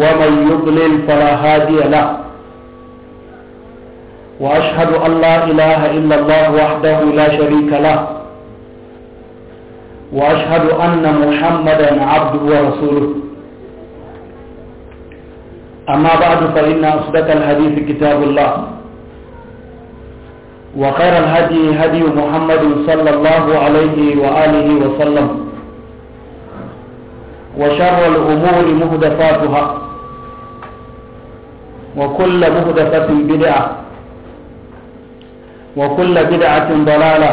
ومن يضلل فلا هادي له وأشهد أن لا إله إلا الله وحده لا شريك له وأشهد أن محمدا عبده ورسوله أما بعد فإن أصدق الحديث كتاب الله وخير الهدي هدي محمد صلى الله عليه وآله وسلم وشر الأمور مهدفاتها وكل مهدفة بدعة وكل بدعة ضلالة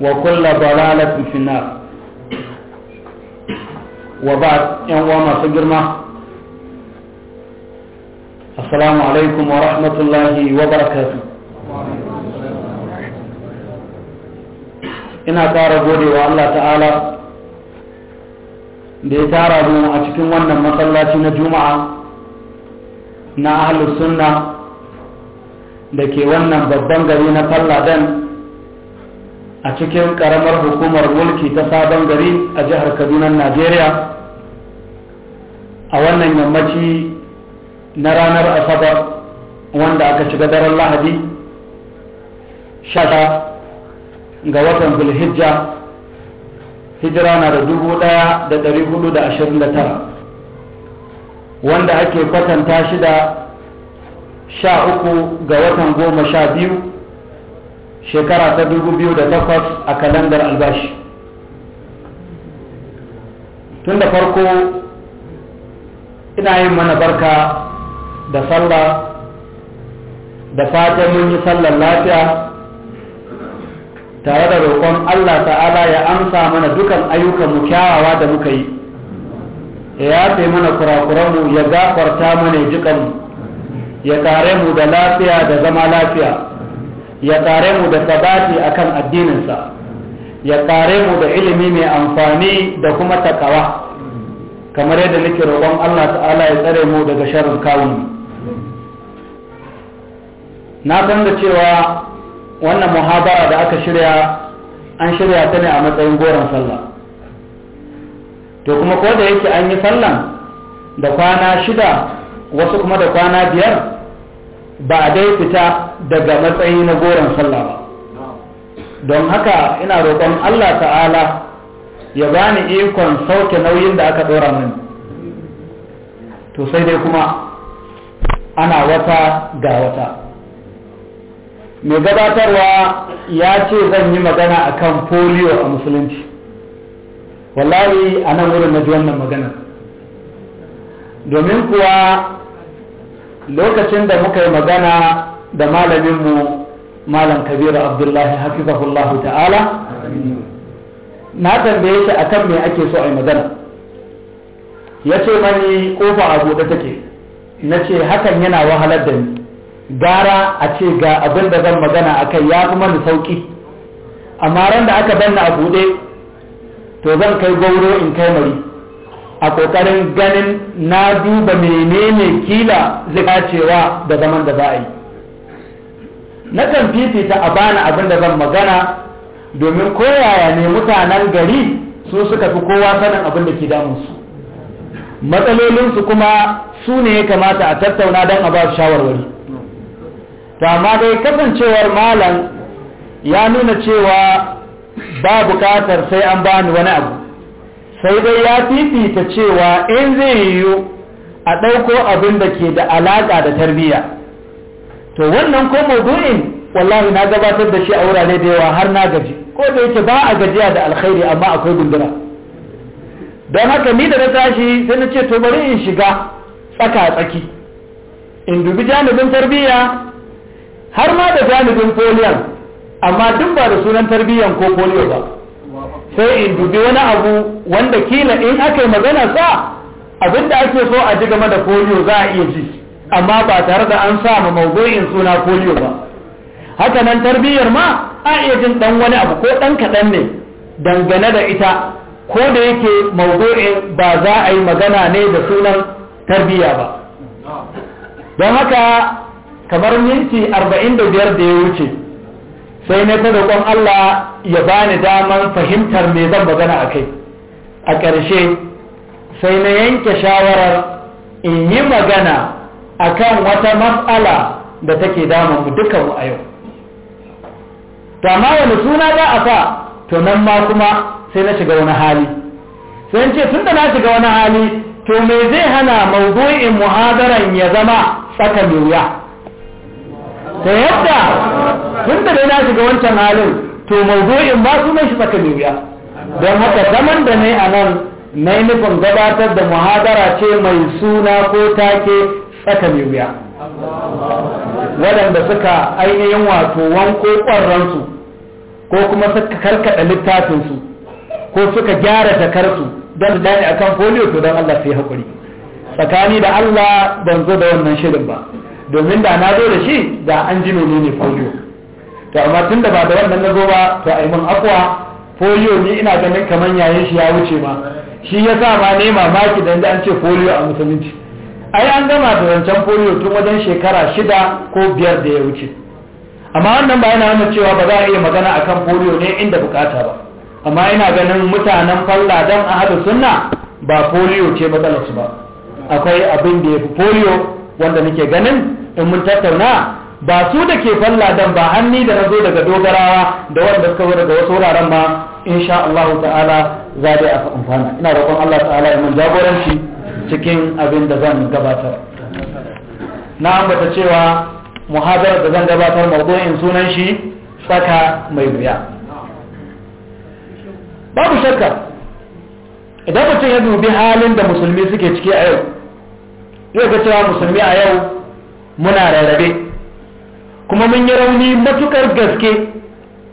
وكل ضلالة في النار وبعد يوم ما السلام عليكم ورحمة الله وبركاته ina ƙara gode wa Allah ta'ala da ya tara mu a cikin wannan masallaci na juma'a na ahlus sunna da ke wannan babban gari na falladan a cikin karamar hukumar mulki ta sabon gari a jihar kaduna najeriya a wannan yammaci na ranar asabar wanda aka shiga daren lahadi shata ga watan bilhijja hijira na da dubu daya da dari hudu da ashirin da tara wanda ake kwatanta shi da sha uku ga watan goma sha biyu shekara ta dubu biyu da takwas a kalandar albashi tun da farko ina yin mana barka da sallah da fatan mun yi sallar lafiya tare da roƙon allah ta'ala ya amsa mana dukan ayyukan mu kyawawa da muka yi ya yafe mana kurakuranmu ya gafarta mana jikanmu ya kare mu da lafiya da zama lafiya ya kare mu da sabati akan addininsa ya kare mu da ilimi mai amfani da kuma takawa kamar yadda nake roƙon Allah ta'ala ya tsare mu daga sharrin kawun na san da cewa wannan muhabara da aka shirya an shirya ta ne a matsayin goron sallah to kuma ko da yake an yi sallan da kwana shida wasu kuma da kwana biyar ba a dai fita daga matsayi na goron sallah ba don haka ina roƙon allah ta'ala ya bani ikon sauke nauyin da aka ɗora min. to sai dai kuma ana wata ga wata mai gabatarwa ya ce zan yi magana akan polio a musulunci wallahi a nan wurin na ji wannan magana domin kuwa lokacin da muka yi magana da malaminmu malam kabiru abdullahi hafizahullahu ta'ala na tambaye shi akan me ake so a yi magana ya ce mani kofa a buɗe take na ce hakan yana wahalar da ni gara a ce ga abin da zan magana a kai ya fi mani sauƙi amma ran da aka danna a buɗe to zan kai gauro in kai mari a kokarin ganin na duba menene kila zai kacewa da zaman da za a yi na kan fifita a bani abin da zan magana domin koyaya ne mutanen gari su suka fi kowa sanin abin da ke damunsu matsalolinsu kuma su ne ya kamata a tattauna don a ba su shawarwari ta ma dai kasancewar malam ya nuna cewa ba bukatar sai an bani wani abu sai dai ya fifita cewa in zai yiwu a ɗauko abin da ke da alaƙa da tarbiyya to wannan ko maudu'in wallahi na gabatar da shi a wurare da yawa har na gaji ko da yake ba a gajiya da alkhairi amma akwai gundura don haka ni da na tashi sai na ce to bari in shiga tsaka tsaki in dubi jami'in tarbiyya har ma da jami'in foliyan amma duk ba da sunan tarbiyyan ko polio ba sai in dubi wani abu wanda kila in aka yi magana sa abinda ake so a ji game da polio za a iya ji amma ba tare da an sa ma mawuyin suna polio ba haka nan tarbiyyar ma a iya jin dan wani abu ko dan kaɗan ne dangane da ita ko da yake mawuyin ba za a yi magana ne da sunan tarbiyya ba don haka kamar minti 45 da ya wuce sai na ta roƙon Allah ya bani daman fahimtar me zan magana a kai a ƙarshe sai na yanke shawarar in yi magana a kan wata mas'ala da take damun mu mu a yau to amma wani suna za a sa to nan ma kuma sai na shiga wani hali sai ce tun da na shiga wani hali to me zai hana maudu'in muhadaran ya zama tsaka mai wuya ta yadda tun da na shiga wancan halin to maudu'in ba su mai shi tsaka biya don haka zaman da ne a nan na yi nufin gabatar da muhadara ce mai suna ko take tsaka biya waɗanda suka ainihin wato wanko ƙwarransu ko kuma suka karkaɗa littafinsu ko suka gyara jakarsu don da kan foliyo to don Allah sai haƙuri tsakani da Allah ban zo da wannan shirin ba domin da na zo da shi da an ji nono ne polio to amma tun da ba da wannan na zo ba to a yi min akwa polio ni ina ganin kamar yayin shi ya wuce ma shi ya sa ma ne mamaki dan da an ce polio a musulunci ai an gama da wancan polio tun wajen shekara shida ko biyar da ya wuce amma wannan ba yana nuna cewa ba za a iya magana akan polio ne inda bukata ba amma ina ganin mutanen falla dan ahadu sunna ba polio ce matsalarsu ba akwai abin da ya fi polio wanda nake ganin in mun tattauna ba su da ke falladan ba hanni da na zo daga dogarawa da wanda suka zo daga wasu wuraren ma insha Allah ta'ala za dai a amfana ina roƙon Allah ta'ala ya mun jagoranci cikin abin da zan gabatar na ambata cewa muhazarar da zan gabatar mawdu'in sunan shi saka mai wuya babu shakka idan mutum ya dubi halin da musulmi suke ciki a yau yau ga cewa musulmi a yau muna rarrabe kuma mun yi rauni matukar gaske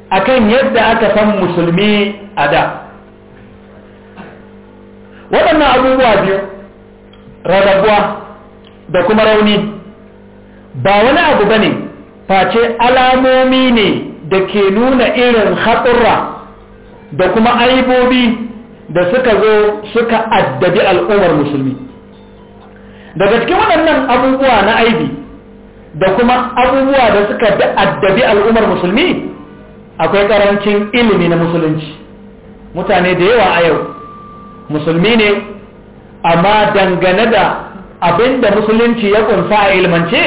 akan yadda aka san musulmi a da waɗannan abubuwa biyu rarrabuwa da kuma rauni ba wani abu ba ne face alamomi ne da ke nuna irin haɗurra da kuma aibobi da suka zo suka addabi al'ummar musulmi daga cikin waɗannan abubuwa na aibi da kuma abubuwa da suka addabi al'ummar musulmi akwai karancin ilimi na musulunci mutane da yawa a yau musulmi ne amma dangane da abin da musulunci ya kunsa a ilmance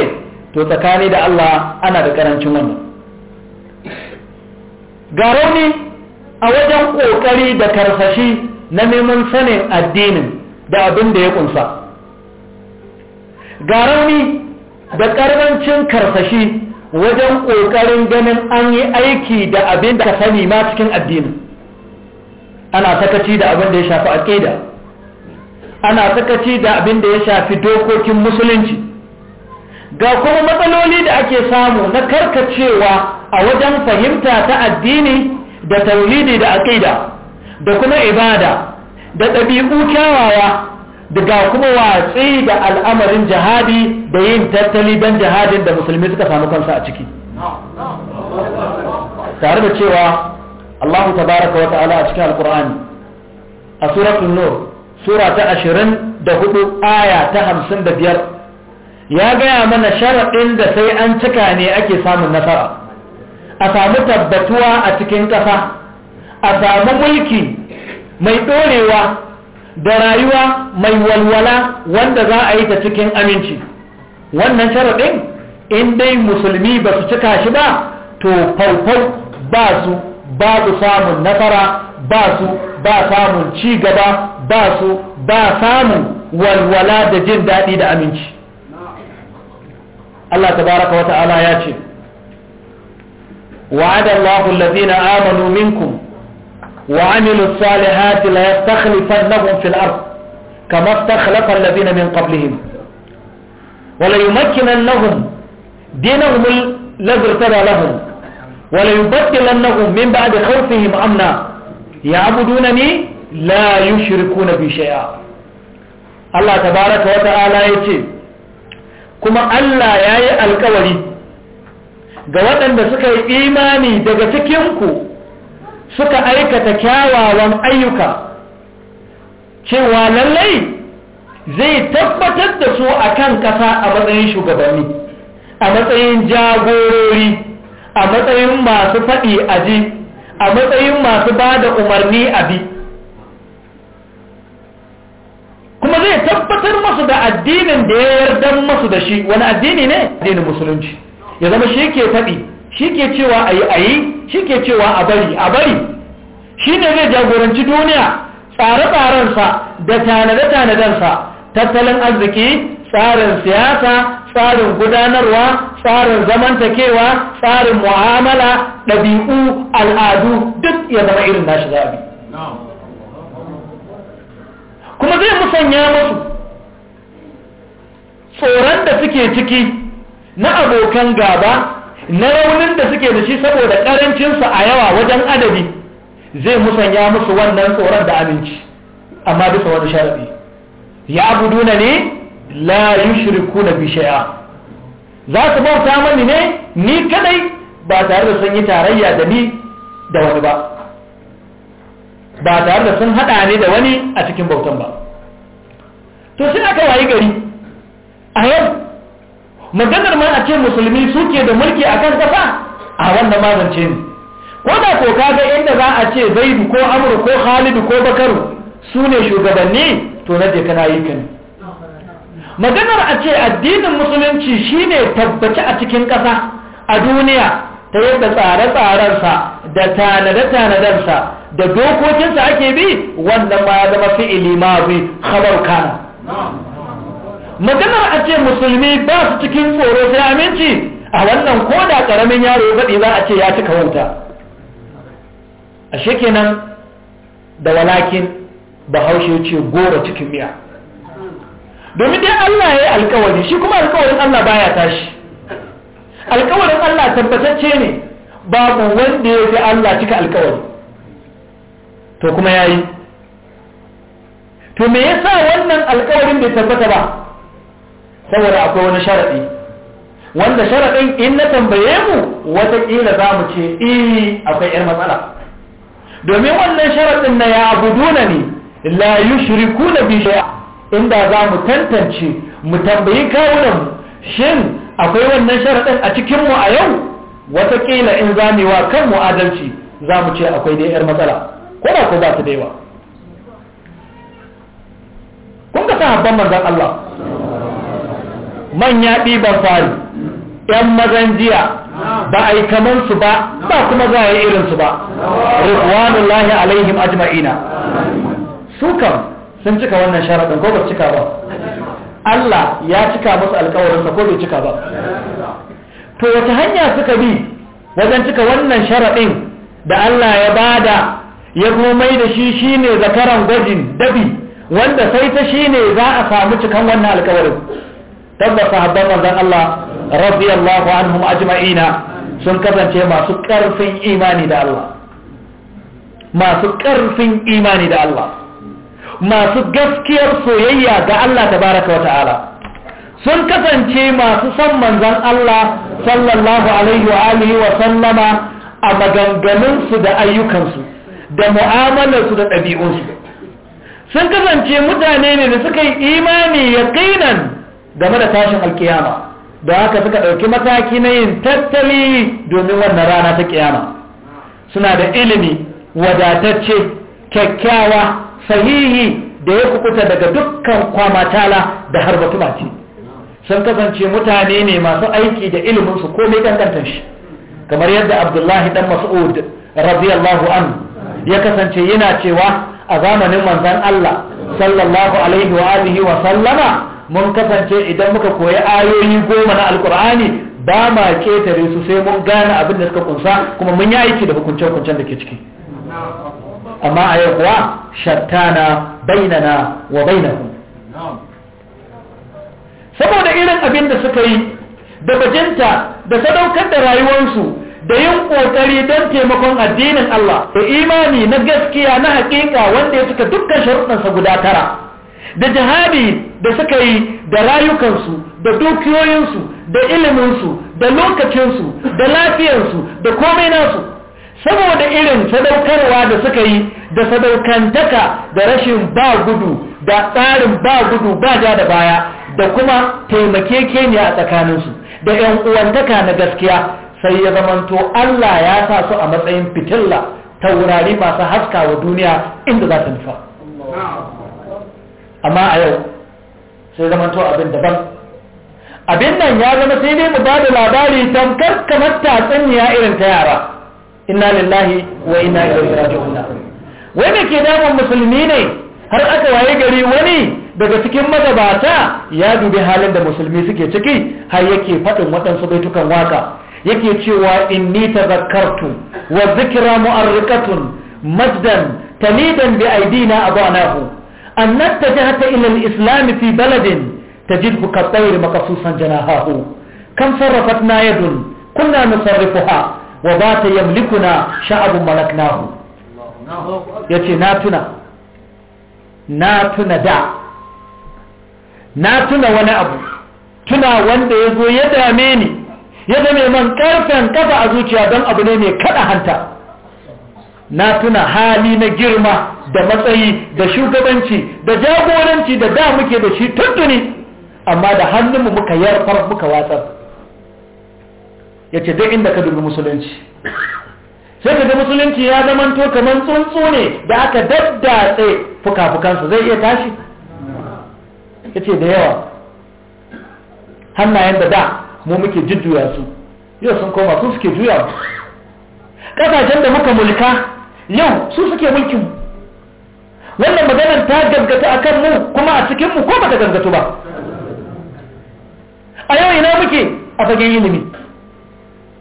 to tsakani da Allah ana da karancin wannan ga rauni a wajen ƙoƙari da karsashi na neman sanin addinin da abin da ya kunsa ga rauni da ƙarancin karsashi wajen ƙoƙarin ganin an yi aiki da abin da ka sani ma cikin addini ana sakaci da abin da ya shafi aqida ana sakaci da abin da ya shafi dokokin musulunci ga kuma matsaloli da ake samu na karkacewa a wajen fahimta ta addini da tauhidi da aƙida da kuma ibada da ɗabi'u kyawawa daga kuma watsi da al'amarin jihadi da yin tattali don jihadin da musulmi suka samu kansa a ciki tare da cewa allahu tabaraka wata'ala a cikin alkur'ani a suratun nur sura ta ashirin da hudu aya ta hamsin da biyar ya gaya mana sharaɗin da sai an cika ne ake samun nasara a samu tabbatuwa a cikin ƙasa a samu mulki mai ɗorewa da rayuwa mai walwala wanda za a yi ta cikin aminci wannan sharaɗin in dai musulmi ba su cika shi ba to faufau ba su ba su samun nasara ba su ba samun ci gaba ba su ba samun walwala da jin daɗi da aminci Allah tabaraka wa ta'ala ya ce wa'ada Allahu allazina amanu minkum وعملوا الصالحات ليستخلفنهم في الأرض كما استخلف الذين من قبلهم وليمكننهم دينهم الذي ارتدى لهم وليبدلنهم من بعد خوفهم أمنا يعبدونني لا يشركون بي شيئا الله تبارك وتعالى يتي كما الله يأي الكوري ga waɗanda suka yi imani daga cikinku suka aikata kyawawan ayyuka cewa lallai zai tabbatar da su a kan ƙasa a matsayin shugabanni a matsayin jagorori a matsayin masu faɗi a ji, a matsayin masu ba da umarni a bi. kuma zai tabbatar masu da addinin da ya yarda masu da shi wani addini ne addinin musulunci ya zama shi ke faɗi shi ke cewa a yi a yi shi ke cewa a bari a bari shi ne zai jagoranci duniya tsare-tsarensa da tanade-tanadensa tattalin arziki tsarin siyasa tsarin gudanarwa tsarin zamantakewa tsarin mu'amala ɗabi'u al'adu duk ya zama irin nashi zaɓi kuma zai musanya masu tsoron da suke ciki na abokan gaba na raunin da suke da shi saboda karancinsu a yawa wajen adadi zai musanya musu wannan tsoron da aminci amma bisa wani sharaɗi ya na ne la yushriku na bishaya za su bauta mani ne ni kadai ba tare da sun yi tarayya da ni da wani ba ba tare da sun haɗa ne da wani a cikin bautan ba to sai aka wayi gari a yau maganar ma a ce musulmi suke da mulki a kan kasa a wannan magance ne wanda ko kaga inda za a ce zaidu ko amur ko halidu ko bakaru su ne shugabanni to na je kana yi kan maganar a ce addinin musulunci shine tabbaci a cikin ƙasa a duniya ta yadda tsare-tsarensa da tanade-tanadensa da dokokinsa ake bi wannan ma ya zama fi'ili ma bi khabar kana maganar a ce musulmi ba su cikin tsoro sai aminci a wannan ko da karamin yaro ya faɗi za a ce ya cika wanta a shekenan da walakin bahaushe ce goro cikin miya domin dai Allah ya yi alkawari shi kuma alkawarin Allah baya tashi alkawarin Allah tabbatacce ne babu wanda ya fi Allah cika alkawari to kuma ya yi to me yasa wannan alkawarin bai tabbata ba saboda akwai wani sharaɗi wanda sharaɗin in na tambaye mu watakila za mu ce eh akwai yar matsala domin wannan sharaɗin na ya na ne la shiriku na bi shay'a inda za mu tantance mu tambayi kawunan shin akwai wannan sharaɗin a cikin mu a yau watakila in za mu wa kan mu adalci za mu ce akwai dai yar matsala ko da ko ba su da yawa kun ga sahabban manzon Allah manya ɗiban fari ‘yan mazan jiya ba a yi kamansu ba ba kuma za a yi irinsu ba rikwanullahi alaihim ajma'ina sukan sun cika wannan sharaɗin ko ba cika ba Allah ya cika musu alkawarinsa ko bai cika ba to wata hanya suka bi wajen cika wannan sharaɗin da Allah ya bada ya komai mai da shi shine zakaran gwajin dabi wanda sai ta shine za a samu cikan wannan alkawarin tabbas sahabban manzon Allah radiyallahu anhum ajma'ina sun kasance masu karfin imani da Allah masu karfin imani da Allah masu gaskiyar soyayya ga Allah tabaraka wa ta'ala sun kasance masu son manzon Allah sallallahu alaihi wa alihi wa sallama a maganganunsu da ayyukansu da mu'amalarsu da ɗabi'unsu sun kasance mutane ne da suka yi imani ya game da tashin alkiyama da haka suka ɗauki mataki na yin tattali domin wannan rana ta kiyama suna da ilimi wadatacce kyakkyawa sahihi da ya kukuta daga dukkan kwamatala da harbatu mace sun kasance mutane ne masu aiki da iliminsu ko mai kankantar shi kamar yadda abdullahi dan mas'ud radiyallahu anhu ya kasance yana cewa a zamanin wanzan Allah sallallahu alaihi wa alihi wa sallama mun kasance idan muka koyi ayoyi goma na alkur'ani ba ma ketare su sai mun gane abin da suka kunsa kuma mun yi aiki da hukunce-hukuncen da ke ciki amma a yau kuwa shattana bainana wa bainahu saboda irin abin da suka yi da bajinta da sadaukar da rayuwarsu da yin kokari don taimakon addinin Allah da imani na gaskiya na hakika wanda ya cika dukkan shuruɗansa guda tara da jihadi da suka yi da rayukansu da dukiyoyinsu da iliminsu da lokacinsu da lafiyarsu da komai nasu saboda irin sadaukarwa da suka yi da sadaukantaka da rashin ba gudu da tsarin ba gudu ba ja da baya da kuma ne a tsakaninsu da 'yan uwantaka na gaskiya sai ya zamanto Allah ya sa su a matsayin fitilla ta wurare masu wa duniya inda za ta nufa. amma a yau sai zama to abin daban abin nan ya zama sai dai mu bada labari tamkar kamar tatsuniya irin ta yara inna lillahi wa inna ilaihi raji'un wai me ke damun musulmi ne har aka waye gari wani daga cikin magabata ya dubi halin da musulmi suke ciki har yake faɗin waɗansu baitukan waka yake cewa inni tazakkartu wa zikra mu'arriqatun majdan talidan bi aidina abanahu an nan ta ji hata ilil islami fi baladin ta ji buka tsawir makasusan janahahu kan sarrafat na yadun kuna na sarrafu wa ba ta yamliku na na hu ya ce na na tuna wani abu tuna wanda ya zo ya dame ni ya zame man karfen kafa a zuciya don abu ne mai kaɗa hanta na tuna hali na girma da matsayi da shugabanci da jagoranci da da muke da shi tuntuni amma da hannunmu muka yarfar muka watsar ya ce duk inda ka dubi musulunci sai ka ga musulunci ya zamanto kamar tsuntsu ne da aka daddatse fuka-fukansa zai iya tashi ya ce da yawa hannayen da da mu muke jidduya su yau sun koma su suke juya ƙasashen da muka mulka yau su suke mulkin wannan maganar ta gaggata a kan mu kuma a cikin mu ko ba ta gaggatu ba a yau ina muke a fagen ilimi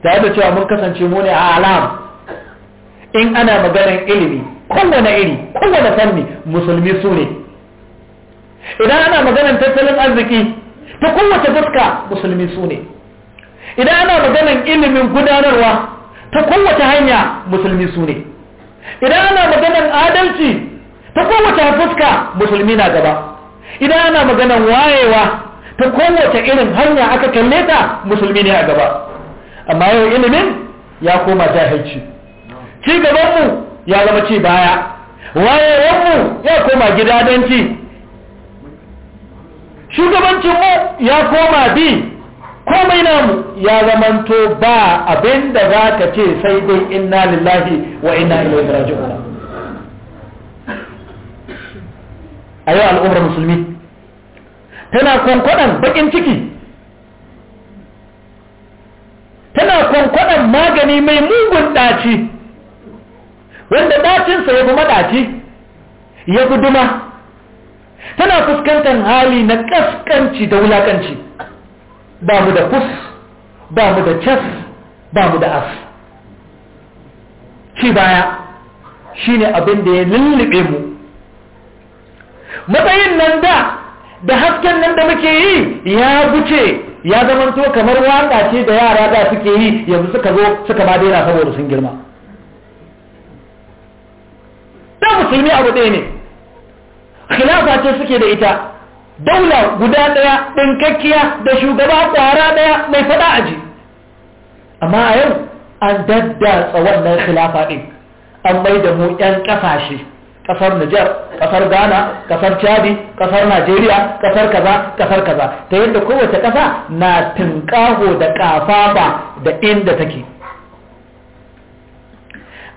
tare da cewa mun kasance mu ne a alam in ana maganar ilimi kowane iri kowane fanni musulmi su ne idan ana maganar tattalin arziki ta kowace fuska musulmi su ne idan ana maganar ilimin gudanarwa ta kowace hanya musulmi su ne idan ana maganar adalci ta kowace fuska musulmi na gaba idan ana maganan wayewa ta kowace irin hanya aka kalle ta musulmi ne a gaba amma yau ilimin ya koma jahilci ci gabanmu ya zama ci baya wayewanmu ya koma gidadanci shugabancinmu ya koma bi komai namu ya zamanto ba abin da za ka ce sai dai inna lillahi wa inna ilaihi raji'un a yau al'ummar musulmi tana kwankwaɗan baƙin ciki tana kwankwaɗan magani mai mugun ɗaci wanda ɗacinsa ya fi maɗaci ya guduma tana fuskantar hali na ƙasƙanci da wulaƙanci ba mu da fus ba mu da cas ba mu da as shi baya shi ne abin da ya lullube mu matsayin nan da da hasken nan da muke yi ya guce ya zamanto kamar waka ce da yara da suke yi yanzu suka zo suka ma daina saboda sun girma da musulmi abu ɗaya ne khilafa ce suke da ita daula guda ɗaya ɗinkakkiya da shugaba ƙwara ɗaya mai faɗa a ji. amma a yau an daddatsa wannan khilafa ɗin an mai da mu 'yan ƙasashe kasar Nijar kasar Ghana kasar Chadi kasar Najeriya kasar kaza kasar kaza ta yadda kowace kasa na tunƙaho da ba da inda take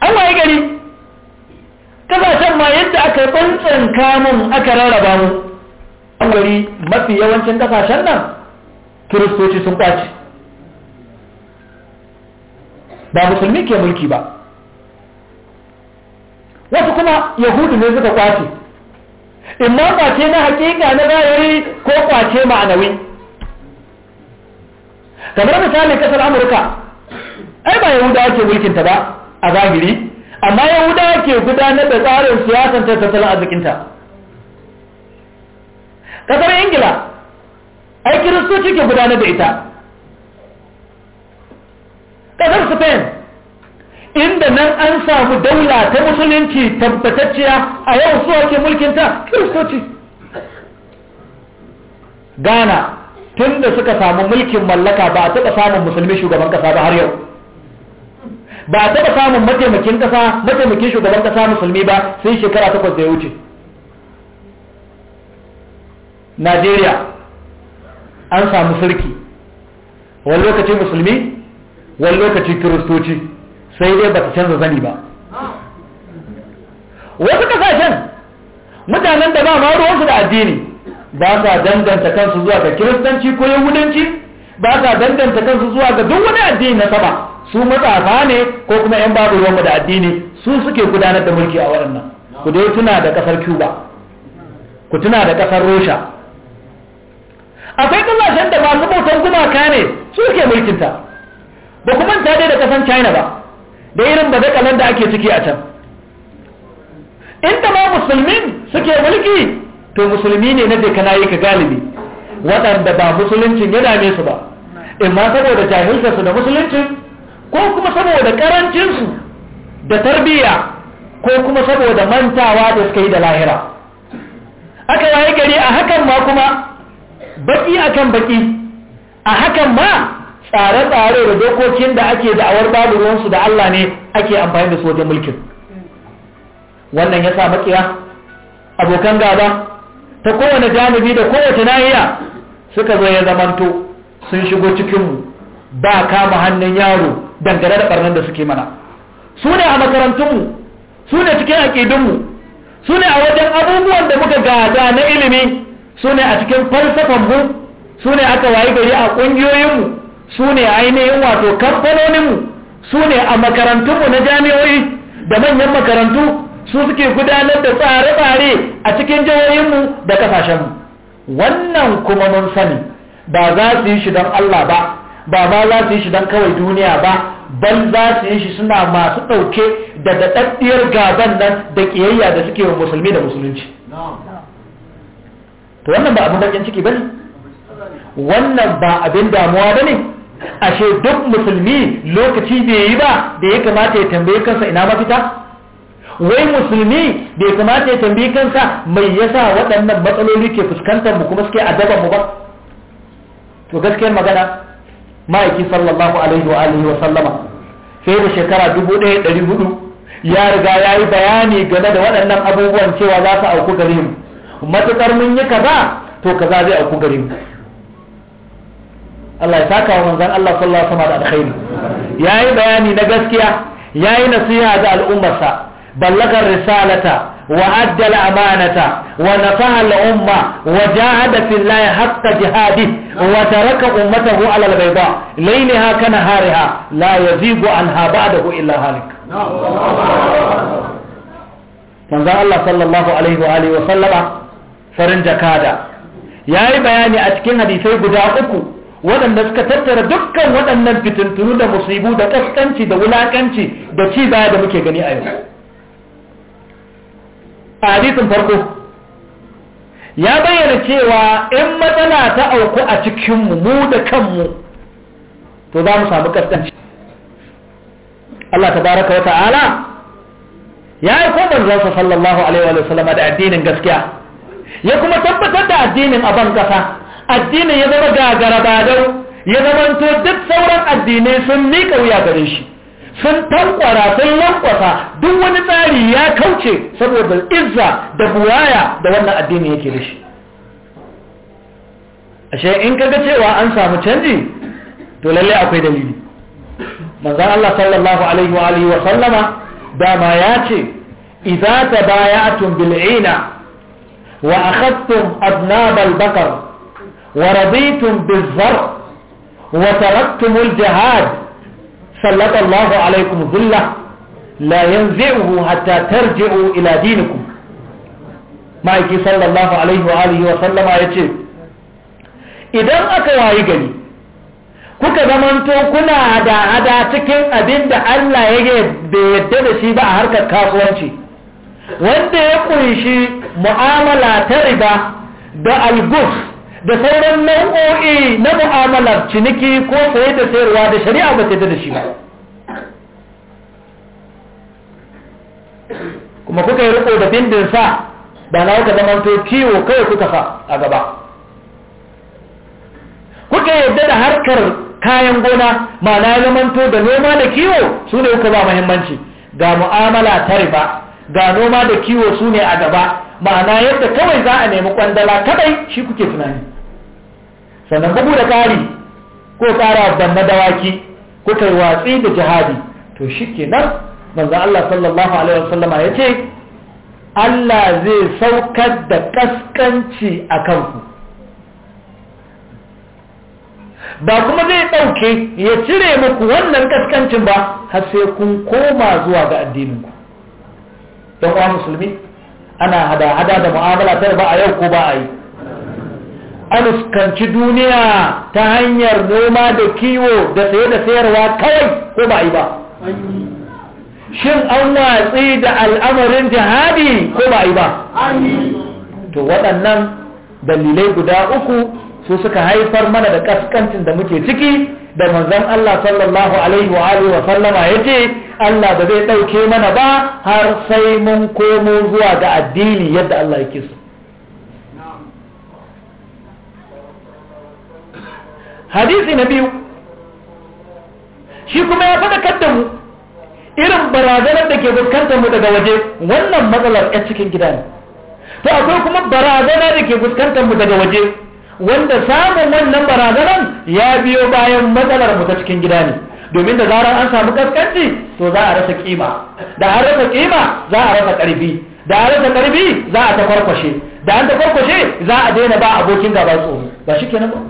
an waye gari kasashen ma yadda aka tsantsan kamun aka rarraba mu an gari mafi yawancin kasashen nan kiristoci sun kwace ba musulmi ke mulki ba wasu kuma yahudu ne suka kwace imma kwace na hakika na zahiri ko kwace ma'anawi kamar misalin kasar amurka ai ba yahudawa ke mulkinta ba a zahiri amma yahudawa ke gudanar da tsarin siyasan tattalin arzikinta kasar ingila ai kiristoci ke gudanar da ita kasar spain inda nan an samu daula ta musulunci tabbatacciya a yau su ake mulkinta kiristoci ghana tun da suka samu mulkin mallaka ba a taɓa samun musulmi shugaban ƙasa ba har yau ba a taɓa samun mataimakin ƙasa mataimakin shugaban ƙasa musulmi ba sai shekara takwas da ya wuce najeriya an samu sarki wani lokaci musulmi wani lokaci kiristoci sai dai ba ta canza zani ba wasu kasashen mutanen da ba ma ruwansu da addini ba sa danganta kansu zuwa ga kiristanci ko yahudanci ba sa danganta kansu zuwa ga duk wani addini na sama su matsafa ne ko kuma 'yan babu ruwanmu da addini su suke gudanar da mulki a waɗannan ku dai tuna da ƙasar cuba ku tuna da ƙasar rusha akwai kasashen da masu bautan gumaka ne su suke mulkinta ba ku manta dai da ƙasar china ba da irin badakalar da ake ciki a can inda ma musulmin suke mulki to musulmi ne na dekana na yi ka galibi waɗanda ba musuluncin ya dame su ba ma saboda su da musuluncin ko kuma saboda karancinsu da tarbiyya ko kuma saboda mantawa da suka yi da lahira aka waye gari a hakan ma kuma baki akan baki a hakan ma tsare-tsare da dokokin da ake da'awar babu ruwansu da Allah ne ake amfani da su wajen mulkin wannan ya sa makiya abokan gaba ta kowane janibi da kowace nahiya suka zo ya zamanto sun shigo cikinmu ba kama hannun yaro dangane da barnan da suke mana su ne a makarantunmu su ne cikin aƙidunmu su ne a wajen abubuwan da muka gada na ilimi su ne a cikin falsafanmu su ne aka waye gari a mu. su ne ainihin wato kamfanoninmu su ne a makarantunmu na jami'o'i da manyan makarantu su suke gudanar da tsare-tsare a cikin jihohinmu da kasashenmu wannan kuma mun sani ba za su yi shi don Allah ba ba ma za su yi shi don kawai duniya ba ban za su yi shi suna masu ɗauke da daɗaɗɗiyar gaban nan da ƙiyayya da suke wa musulmi da musulunci to wannan ba abin bakin ciki ba ne wannan ba abin damuwa ba ne ashe duk musulmi lokaci bai yi ba da ya kamata ya tambayi kansa ina mafita wai musulmi da ya kamata ya tambayi kansa mai yasa waɗannan matsaloli ke fuskantar mu kuma suke adaban mu ba to gaskiyar magana ma'aiki sallallahu alaihi wa alihi wa sallama sai da shekara 1400 ya riga ya yi bayani game da waɗannan abubuwan cewa za su auku gare mu matuƙar mun yi kaza to kaza zai auku gare mu Allah ya saka wa manzon Allah sallallahu alaihi wasallam da alkhairi yayi bayani na gaskiya yayi nasiha ga al'ummarsa ballagar risalata وأدى الأمانة ونفع الأمة وجاهد في الله حق جهاده وترك أمته على البيضاء ليلها كنهارها la يزيغ عنها بعده إلا هالك manzan Allah sallallahu Alaihi wa Alaihi wasallama farin jakada ya yi bayani a cikin hadisai guda uku waɗanda suka tattara dukkan waɗannan fitintunu da musibu da ƙasƙanci da wulaƙanci da ci baya da muke gani a yau a hadisin farko ya bayyana cewa in matsala ta auku a cikinmu mu da kanmu to za mu samu ƙasƙanci Allah ta baraka wa ta'ala ya yi ko zansa sallallahu alaihi wa sallama da addinin gaskiya ya kuma tabbatar da addinin a ban ƙasa addinin ya zama gagara badau ya zamanto duk sauran addinai sun miƙa wuya gare shi sun tankwara sun lankwasa duk wani tsari ya kauce saboda izza da buwaya da wannan addini yake da shi ashe in kaga cewa an samu canji to lalle akwai dalili manzon Allah sallallahu alaihi wa alihi wa sallama dama ya ce idza tabaya'tum bil'ina wa akhadtum adnab al-baqar ورضيتم بالزرع وتركتم الجهاد سلط الله عليكم ذلة لا ينزعه حتى ترجعوا إلى دينكم ma'aiki sallallahu alaihi wa alihi wa sallama ya ce idan aka wayi gani kuka zamanto kuna da hada cikin abin da Allah ya yadda da shi ba a harkar kasuwanci wanda ya kunshi mu'amala ta riba da algus da sauran nau'o'i na mu'amalar ciniki ko saye da sayarwa da shari'a ba ta da shi ba kuma kuka yi riko da bindin sa ba na kuka to kiwo kawai kuka sa a gaba kuka yadda da harkar kayan gona ma na zamanto da noma da kiwo su ne kuka ba muhimmanci ga mu'amala ta riba ga noma da kiwo su ne a gaba ma'ana yadda kawai za a nemi kwandala kadai shi kuke tunani sannan bugu da ƙari ko kara banna dawaki ko kai watsi da jihadi to shi shikenan manzo Allah sallallahu alaihi wasallama yace Allah zai saukar da kaskanci a kanku ba kuma zai ɗauke ya cire muku wannan kaskancin ba har sai kun koma zuwa ga addininku don kuwa musulmi ana hada-hada da mu'amala ta ba a yau ko ba a yi an fuskanci duniya ta hanyar noma da kiwo da saye da sayarwa kawai ko ba yi ba shin an watsi da al'amarin jihadi ko ba yi ba to waɗannan dalilai guda uku su suka haifar mana da kaskancin da muke ciki da manzon Allah sallallahu alaihi wa wa sallama yace Allah da zai ɗauke mana ba har sai mun komo zuwa ga addini yadda Allah yake so hadisi na biyu shi kuma ya faɗakar da mu irin barazanar da ke fuskantar mu daga waje wannan matsalar 'yan cikin gida ne to akwai kuma barazana da ke fuskantar mu daga waje wanda samun wannan barazanar ya biyo bayan matsalar mu ta cikin gida ne domin da zarar an samu kaskanci to za a rasa kima da an rasa kima za a rasa karfi da an rasa karfi za a ta kwarkwashe da an ta kwarkwashe za a daina ba abokin gaba tsoro ba shi kenan ba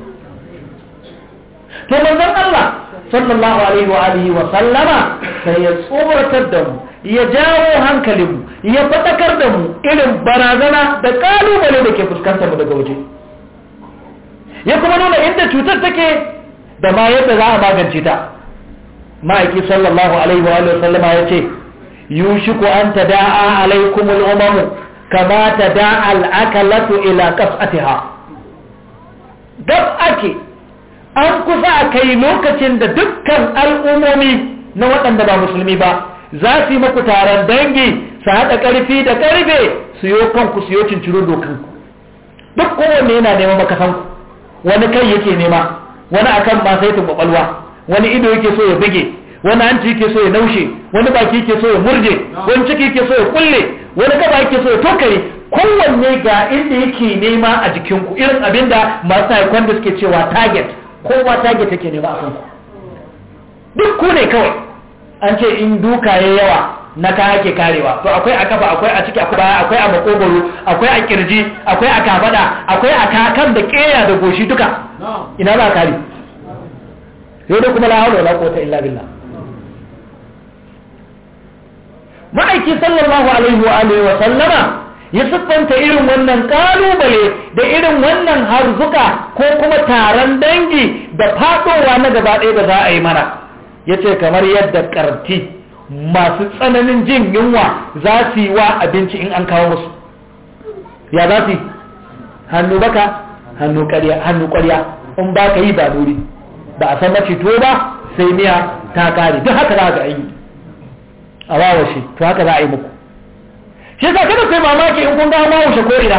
sai manzon Allah sallallahu alaihi wa alihi wa sallama sai ya tsoratar da mu ya jawo hankalinmu ya fadakar da mu irin barazana da kalubale da ke fuskantar mu daga waje ya kuma nuna inda cutar take da ma yadda za a magance ta ma'aiki sallallahu alaihi wa alihi wa sallama ya ce yushiku an tada'a alaikumul umamu kama tada'a al'akalatu ila qas'atiha gab ake an kusa a kai lokacin da dukkan al'ummomi na waɗanda ba musulmi ba za su yi maku taron dangi su haɗa ƙarfi da ƙarfe su yi kanku su yi cinciro ku. duk kowanne yana neman makasanku wani kai yake nema wani akan masaitin ƙwaƙwalwa, wani ido yake so ya buge wani hanci yake so ya naushe wani baki yake so ya murje wani ciki yake so ya kulle wani gaba yake so ya tokare kowanne ga inda yake nema a jikinku irin abinda masu da suke cewa target ko ba tage take ne ba a kanku duk ku ne kawai an ce in duka ya yawa na ka ake karewa to akwai a kafa akwai a ciki akwai akwai a makogoro akwai a kirji akwai a kafada akwai a kakan da keya da goshi duka ina za a kare yau da kuma la hawla wala quwwata illa billah ma'aiki sallallahu alaihi wa alihi wa sallama ya siffanta irin wannan kalubale da irin wannan harzuka ko kuma taron dangi da fadowa na gaba ɗaya da za a yi mana ya ce kamar yadda ƙarti masu tsananin jin yunwa za su yi wa abinci in an kawo musu ya za su yi hannu baka hannu ƙwarya in ba ka yi ba nuri ba a san mace to ba sai miya ta kare duk haka za yi a to haka za a yi muku shi ka kada ku yi mamaki in kun ga ma wuce ko ina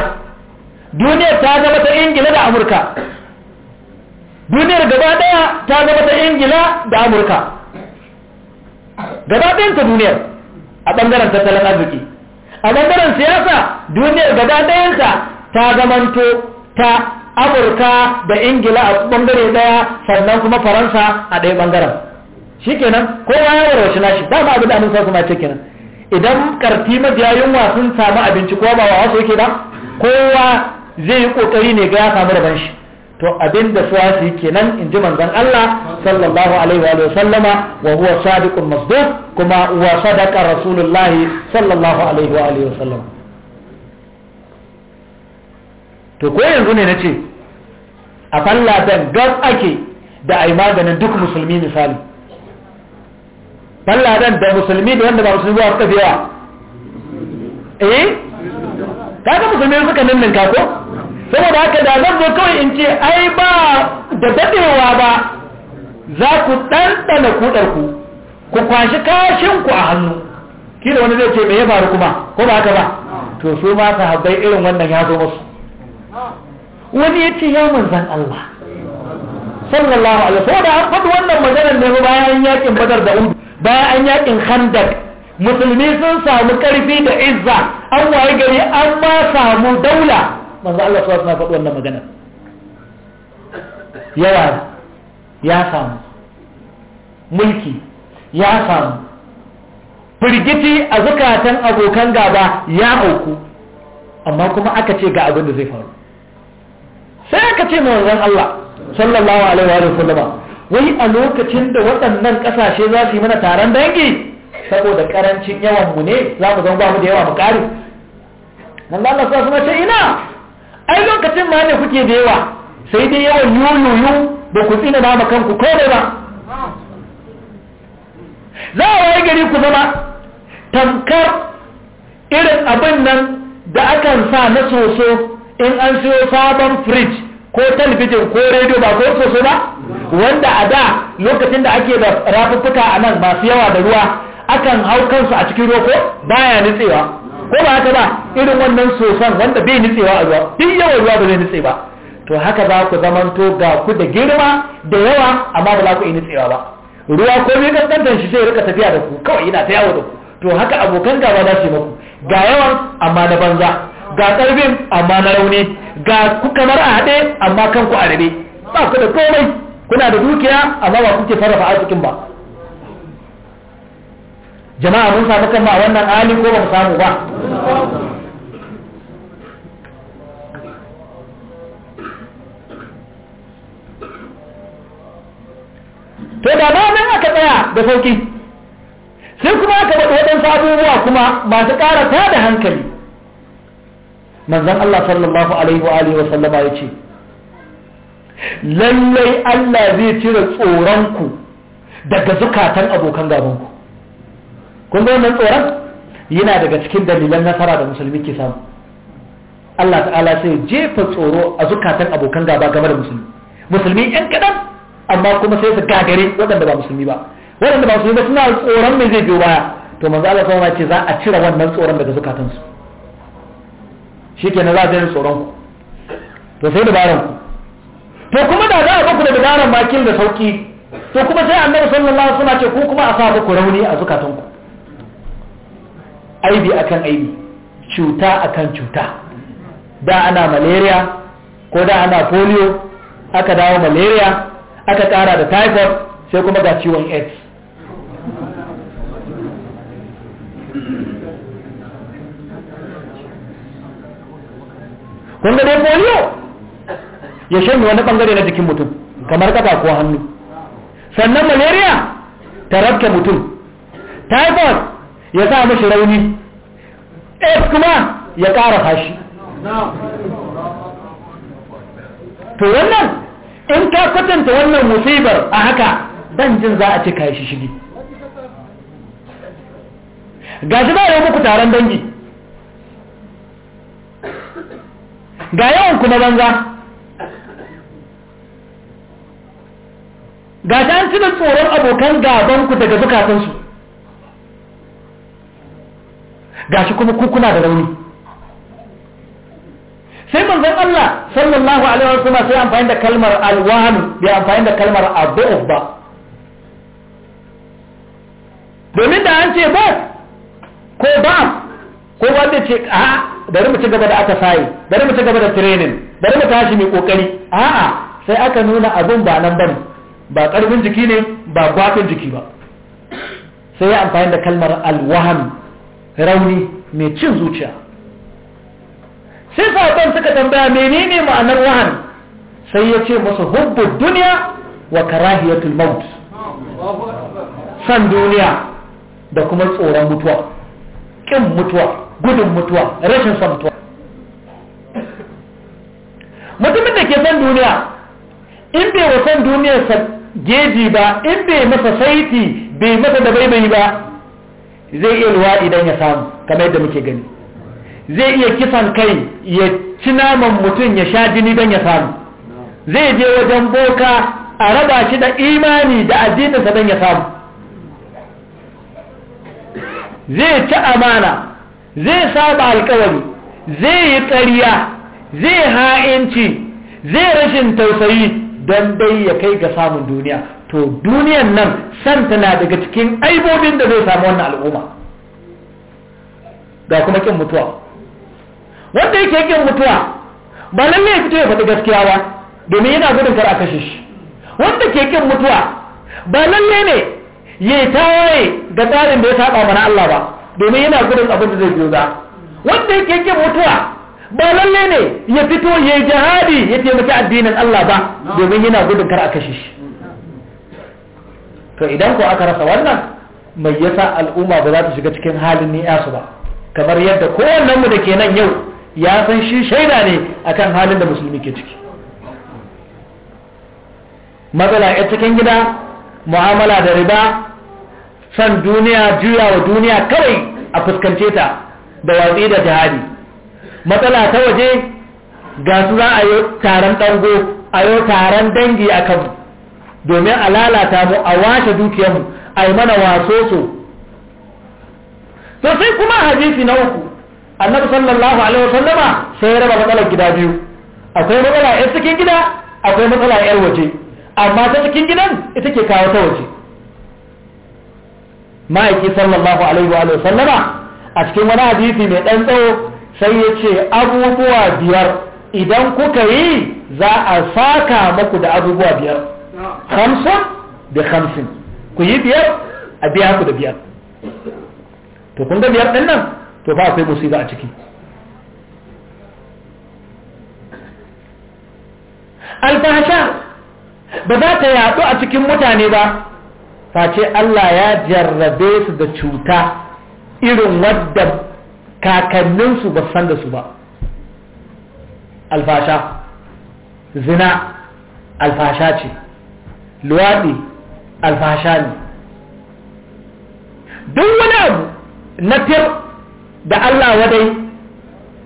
duniyar ta zama ta ingila da amurka duniyar gaba daya ta zama ta ingila da amurka gaba ta duniyar a ɓangaren tattalin arziki a ɓangaren siyasa duniyar gaba ɗayanta ta zamanto ta amurka da ingila a ɓangare ɗaya sannan kuma faransa a ɗaya ɓangaren shi kenan kowa ya warwashi nashi ma abin da amince kuma ce kenan idan karfi majiya yunwa sun samu abinci ko ba wasu yake ba kowa zai yi kokari ne ga ya samu da shi to abin da su su yake nan in ji manzan Allah sallallahu alaihi wa sallama wa huwa sadiqun masduq kuma wa sadaqa rasulullahi sallallahu alaihi wa sallama to ko yanzu ne nace a falla dan ake da ai maganin duk musulmi misali dan da musulmi da wanda ba musulmi ba suka biya eh kaga musulmi suka ka ko saboda haka da zan zo kawai in ce ai ba da dadewa ba za ku ɗanɗana kuɗar ku ku kwashi kashin ku a hannu kila wani zai ce me ya faru kuma ko ba haka ba to su ma habbai irin wannan ya zo musu wani ya ce ya manzan Allah sallallahu alaihi wasallam saboda an faɗi wannan maganar ne bayan yakin badar da udu bayan yakin handar musulmi sun samu karfi da izza an waye gari an ma samu daula manzo Allah sallallahu alaihi faɗi wannan magana yawa ya samu mulki ya samu firgiti a zukatan abokan gaba ya auku amma kuma aka ce ga abin da zai faru sai aka ce manzon Allah sallallahu alaihi wa sallam wai a lokacin da waɗannan ƙasashe za su yi mana taron dangi saboda ƙarancin yawanmu ne za mu zama mu da yawa mu ƙari nan Allah sa suna ce ina ai lokacin ma ne kuke da yawa sai dai yawan yuyuyu da ku tsina nama kanku komai ba za a waye gari ku zama tamkar irin abin nan da akan sa na soso in an siyo sabon fridge ko talbijin ko rediyo ba ko soso ba wanda a da lokacin da ake da rafuffuka a nan masu yawa da ruwa akan hau kansu a cikin roko baya nitsewa ko ba haka ba irin wannan soson wanda bai nitsewa a ruwa duk yawan ruwa ba zai nitse ba to haka za ku to ga ku da girma da yawa amma ba za ku yi nitsewa ba ruwa ko mai kankantar shi sai rika tafiya da ku kawai yana ta yawo da ku to haka abokan gaba za su maku ga yawan amma na banza ga karbin amma na rauni ga ku kamar a haɗe amma kanku a rabe ba ku da komai kuna da dukiya amma ba kuke sarrafa arzikin ba jama'a mun samu kan ba wannan hali ko ba mu samu ba to da ba nan aka tsaya da sauki sai kuma aka bada waɗansu abubuwa kuma masu ƙara ta da hankali manzan Allah sallallahu alaihi wa alihi wa sallama ya ce lallai Allah zai cire tsoronku daga zukatan abokan gabanku kun ga wannan tsoron yana daga cikin dalilan nasara da musulmi ke samu Allah ta'ala sai jefa tsoro a zukatan abokan gaba game da musulmi musulmi yan kadan amma kuma sai su gagare waɗanda ba musulmi ba waɗanda ba musulmi ba suna tsoron mai zai biyo baya to manzo Allah sai ce za a cire wannan tsoron daga zukatansu shikenan za a jefa tsoron ku to sai dabaran ku to kuma da za a ku da bidaran bakin da sauki to kuma sai annabi sallallahu alaihi wasallam ce ku kuma a sa ku rauni a zukatanku aibi akan aibi cuta akan cuta da ana malaria ko da ana polio aka dawo malaria aka kara da typhoid sai kuma ga ciwon aids kun ga dai polio ya shanye wani bangare na jikin mutum kamar kafa ko hannu sannan malaria ta rabke mutum typhoid ya sa mashi rauni aids kuma ya ƙara fashi to wannan in ka kwatanta wannan musibar a haka dan jin za a ce kayi shi Ga shi ba yau muku taron dangi ga yawan kuma banza ga ta an cire tsoron abokan gabanku daga zukatansu ga shi kuma kuna da rauni sai manzon Allah sallallahu alaihi sallam sai amfani da kalmar alwanu bai amfani da kalmar abu'uf ba domin da an ce ba ko ba ko wanda ce a bari mu ci gaba da aka sayi bari mu ci gaba da training bari mu tashi mai kokari a'a sai aka nuna abun ba nan bane ba ƙarfin jiki ne ba gwafin jiki ba sai ya amfani da kalmar alwahan rauni mai cin zuciya sai fatan suka tambaya menene ma'anar wahan sai ya ce masa hubbun duniya wa karahiyatul maut san duniya da kuma tsoron mutuwa kin mutuwa gudun mutuwa rashin san mutuwa mutumin da ke san duniya in bai wa san duniyarsa geji ba in bai masa saiti bai masa da baibayi ba zai iya luwa idan ya samu kamar yadda muke gani zai iya kisan kai ya ci naman mutum ya sha jini don ya samu zai je wajen boka a raba shi da imani da addininsa don ya samu zai ci amana zai saba alkawari zai yi ƙarya zai ha'inci zai rashin tausayi don dai ya kai ga samun duniya to duniyan nan san tana daga cikin aibobin da zai samu wannan al'umma ga kuma kin mutuwa wanda yake kin mutuwa ba lallai ya fito ya faɗi gaskiya ba domin yana gudun kar a kashe shi wanda ke kin mutuwa ba lallai ne ya yi tawaye ga tsarin da ya saba mana Allah ba domin yana gudun abin da zai biyo ba wanda yake kin mutuwa ba lalle ne ya fito ya yi jihadi ya taimaki addinin Allah ba domin yana gudun kar a kashe shi to idan ko aka rasa wannan mai yasa al'umma ba za ta shiga cikin halin ni'ya su ba kamar yadda kowannen mu da ke nan yau ya san shi shaida ne akan halin da musulmi ke ciki matsala ya cikin gida mu'amala da riba san duniya juya wa duniya kawai a fuskance ta da watsi da jihadi matsala ta waje ga su za a yi taron dango a yi taron dangi a kanmu domin a lalata mu a washe dukiyarmu a yi mana waso so sosai kuma a hadisi na uku annabi sallallahu alaihi wasallama sai ya raba matsalar gida biyu akwai matsala yar cikin gida akwai matsala yar waje amma ta cikin gidan ita ke kawo ta waje ma'aiki sallallahu alaihi wa sallama a cikin wani hadisi mai dan tsawo sai ya ce abubuwa biyar idan kuka yi za a saka maku da abubuwa biyar hamsin da hamsin ku yi biyar a biya ku da biyar to kun ga biyar ɗin nan to ba akwai musiba a ciki alfahasha ba za ta yaɗu a cikin mutane ba face Allah ya jarrabe su da cuta irin wadda kakanninsu ba san da su ba alfasha zina alfasha ce luwaɗi alfasha ne duk wani abu na fir da Allah wadai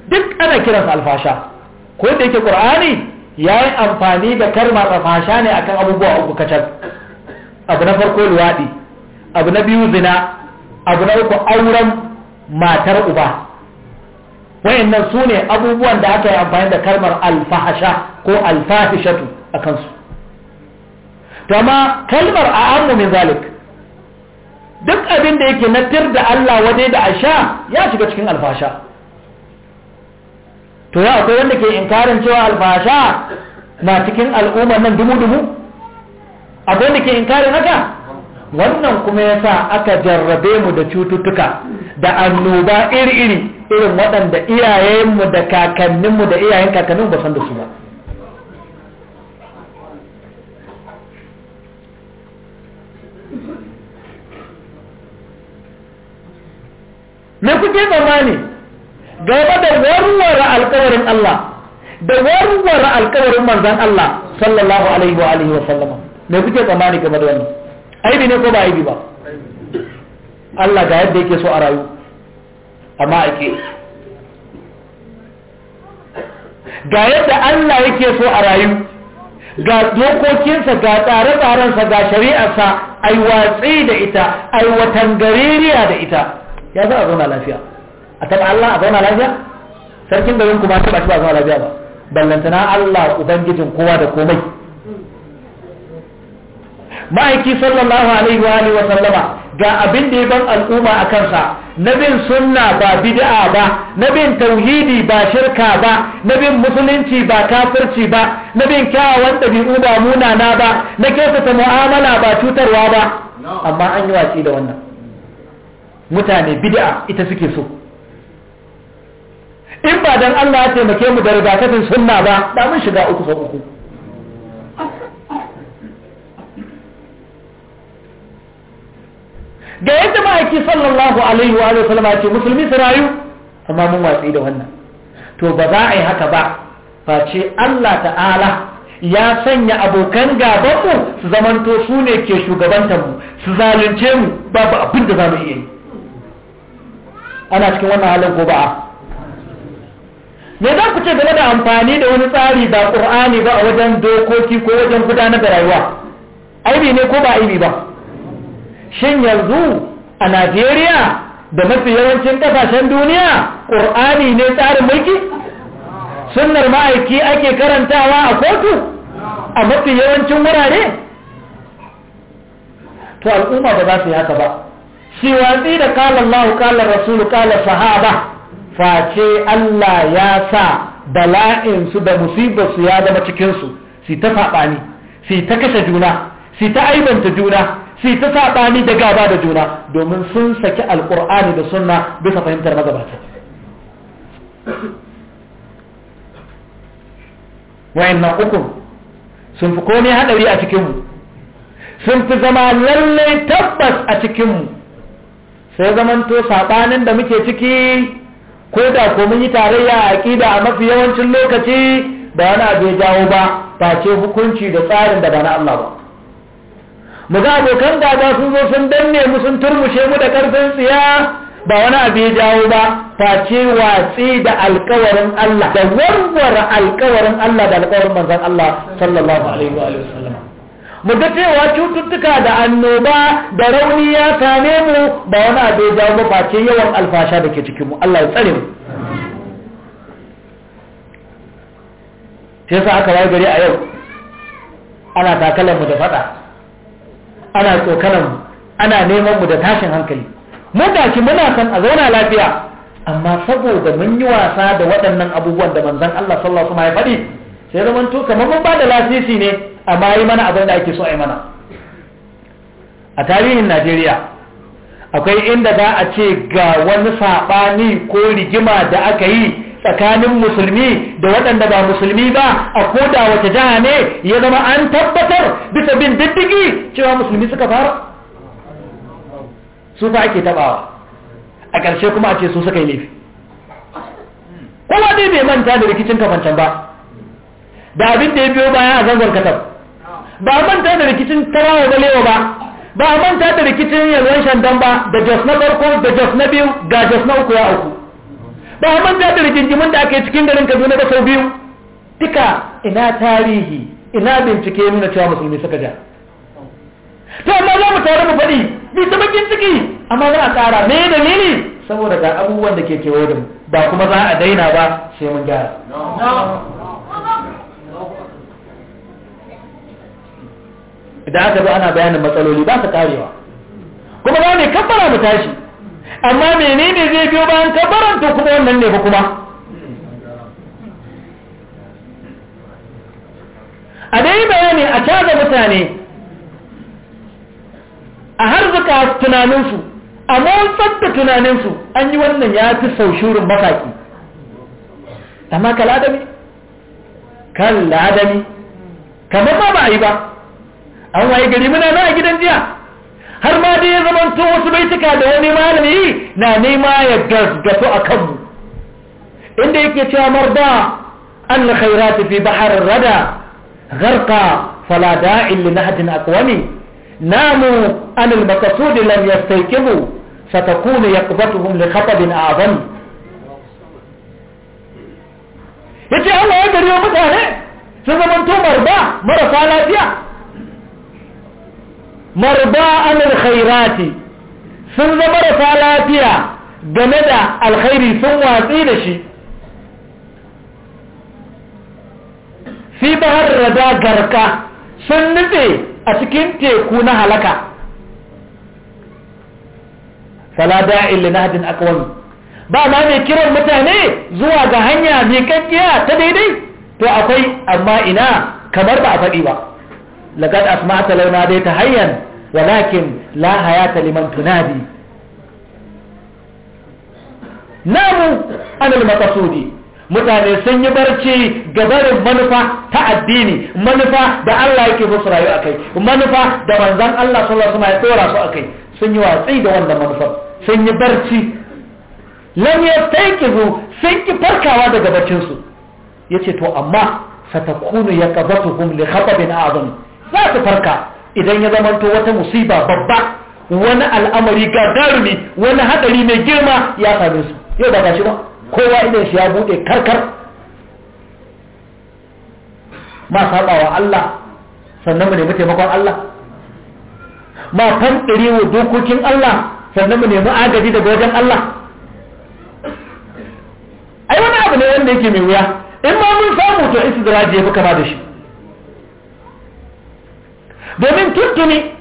duk ana kiransa alfasha ko da yake ƙur'ani ya yi amfani da karma alfasha ne akan abubuwa uku kacal abu na farko luwaɗi abu na biyu zina abu na uku auren matar uba wayannan su ne abubuwan da aka yi amfani da kalmar alfahasha ko alfahishatu a kansu to kalmar a ammu min zalik duk abin da yake natir da Allah waje da asha ya shiga cikin alfahasha to ya akwai wanda ke inkarin cewa alfahasha na cikin al'ummar nan dubu-dubu Abin da ke inkarin haka wannan kuma yasa aka jarrabe mu da cututtuka da annoba iri-iri irin waɗanda iyayenmu da kakanninmu da iyayen kakanninmu ba san da su ba me kuke tsammani gaba da warware alkawarin Allah da warware alkawarin manzan Allah sallallahu alaihi wa wa sallama me kuke tsammani game da wannan aibi ne ko ba aibi ba Allah ga yadda yake so a rayu amma ake ga yadda Allah yake so a rayu ga dokokinsa ga tsare-tsarensa ga shari'arsa ai watsi da ita ai watan gaririya da ita ya za a zauna lafiya a taba Allah a zauna lafiya sarkin garin kuma taɓa shi ba zauna lafiya ba ballantana Allah ubangijin kowa da komai ma'aiki sallallahu alaihi wa sallama ga abin da ya ban al'umma a kansa na bin sunna ba bid'a ba na bin tauhidi ba shirka ba na bin musulunci ba kafirci ba na bin kyawawan ɗabi'u ba munana ba na kyautata mu'amala ba cutarwa ba amma an yi watsi da wannan mutane bid'a ita suke so in ba dan Allah ya taimake mu da rigakafin sunna ba da mun shiga uku sau uku ga yadda ma'aiki sallallahu alaihi wa sallama ce musulmi su rayu amma mun watsi da wannan to ba za a yi haka ba face Allah ta'ala ya sanya abokan gabanmu su zamanto su ne ke shugabantanmu su zalunce mu babu abin da za mu iya yi ana cikin wannan halin ko ba'a me za ku ce game da amfani da wani tsari ba ƙur'ani ba a wajen dokoki ko wajen gudanar da rayuwa aibi ne ko ba aibi ba shin yanzu a najeriya da mafi yawancin kasashen duniya ƙur'ani ne tsarin mulki sunnar ma'aiki ake karantawa a kotu a mafi yawancin wurare to al'umma ba za su yi haka ba shi watsi da kalallahu kalar rasulu kala sahaba face allah ya sa bala'insu da musibarsu ya zama cikinsu su ta faɓani su ta kashe juna su ta aibanta juna sai ta saɓani da gaba da juna domin sun saki alƙur'ani da sunna bisa fahimtar magabata na ukun sun fi komai haɗari a cikinmu sun fi zama lallai tabbas a cikinmu sai zamanto saɓanin da muke ciki ko da ko mun yi tarayya a ƙida a mafi yawancin lokaci ba wani abu ya jawo ba face hukunci da tsarin da ba na Allah ba mu ga abokan gaba sun zo sun danne mu sun turmushe mu da karfin tsiya ba wani abu ya jawo ba face watsi da alkawarin Allah da warware alkawarin Allah da alkawarin manzon Allah sallallahu alaihi wa sallam mu ga cewa cututtuka da annoba da rauni ya same mu ba wani abu ya jawo ba face yawan alfasha da ke cikin mu Allah ya tsare mu sai sa aka wayi gari a yau ana takalar mu da fada ana tsokanan ana neman mu da tashin hankali mun dace muna san a zauna lafiya amma saboda mun yi wasa da waɗannan abubuwan da manzon Allah sallallahu alaihi wasallam ya faɗi sai zaman to kamar mun bada lasisi ne amma yi mana abin da ake so a yi mana a tarihin Najeriya akwai inda za a ce ga wani saɓani ko rigima da aka yi tsakanin musulmi da waɗanda ba musulmi ba a koda wata jiha ne ya zama an tabbatar bisa bin diddigi cewa musulmi suka fara su fa ake tabawa a ƙarshe kuma a ce su suka yi laifi kowa dai bai manta da rikicin kafancan ba da abin da ya biyo baya a zangon katar ba a manta da rikicin tarawa lewa ba ba a manta da rikicin yalwan shandan ba da jos na farko da jos na biyu ga jos na uku ya uku Da a manta da rigingimin da ake cikin garin kaduna da sau biyu duka ina tarihi ina bincike nuna cewa musulmi suka ja to amma za mu tare mu faɗi bi ta bakin ciki amma za a tsara me dalili saboda ga abubuwan da ke kewaye da ba kuma za a daina ba sai mun gyara idan aka zo ana bayanin matsaloli ba su karewa kuma za ne kafara mu tashi amma menene zai biyo bayan baranta kuma wannan ne ba kuma a dai bayani a caza mutane a harzuka tunaninsu a motsar da tunaninsu an yi wannan ya fi sau shurin mafaki amma ka ladami Kan ladami kamar ba ba a yi ba an waye gari muna na a gidan jiya har ma da ya zamanto wasu baituka da wani malami na nema ya gasgato a kanmu inda yake cewa marda an na khairati fi bahar rada gharqa fala da'in li nahjin aqwami namu an al maqsud lam yastaykibu satakunu yaqbatuhum li khatabin a'zam yace Allah ya gariyo mutane sun zamanto marda marasa lafiya marba anil khairati sun zama rasa lafiya game da alkhairi sun watsi da shi fi bahar rada garka sun nutse a cikin teku na halaka falada illi na hadin akawami ba ma mai kiran mutane zuwa ga hanya mai kakkiya ta daidai to akwai amma ina kamar ba a faɗi ba laqad asma'ta law nadaita hayyan walakin la hayata liman tunadi namu anil maqsudi mutane sun yi barci gabarin manufa ta addini manufa da Allah yake so su rayu a kai manufa da manzan Allah sallallahu alaihi wasallam ya tsora su a kai sun yi watsi da wannan manufa, sun yi barci lam yastayqizu sun ki farkawa daga barcin Ya yace to amma satakunu yaqabatuhum li khatabin azam za su farka idan ya zamanto wata musiba babba wani al'amari gagarumi wani hadari mai girma ya same su yau ba gashi ba kowa idan shi ya bude karkar ma sabawa Allah sannan mu nemi taimakon Allah ma fantsire wa dokokin Allah sannan mu nemi agaji daga wajen Allah ai wani abu ne wanda yake mai wuya in ma mun samu to istidraji ya fi kama da shi domin tuntuni